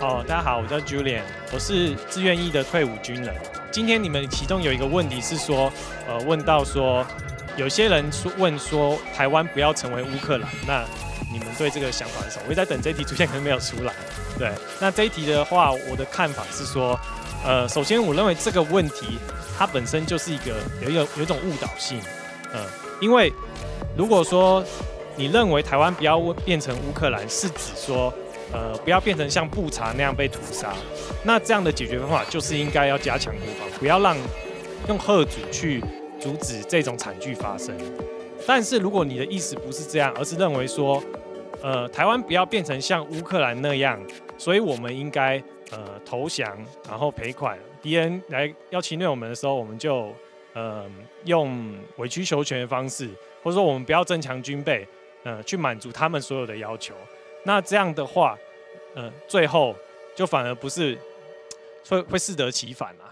哦，大家好，我叫 Julian，我是志願意的退伍軍人。今天你們其中有一個問題是說，呃，問到說，有些人說問說台灣不要成為烏克蘭，那你們對這個想法的時候，我在等這一題出現，可能沒有出來。對，那這一題的話，我的看法是說，呃，首先我認為這個問題。它本身就是一個有有有種誤導性，嗯，因為如果說你認為台灣不要變成烏克蘭，是指說，呃，不要變成像布查那樣被屠殺，那這樣的解決方法就是應該要加強國防，不要讓用嚇阻，去阻止這種慘劇發生。但是如果你的意思不是這樣，而是認為說，呃，台灣不要變成像烏克蘭那樣，所以我們應該呃投降，然後賠款。敵人來要侵略我們的時候，我們就嗯、呃、用委曲求全的方式，或者說我們不要增強軍備，嗯、呃、去滿足他們所有的要求。那這樣的話，嗯、呃、最後就反而不是會會適得其反了啊。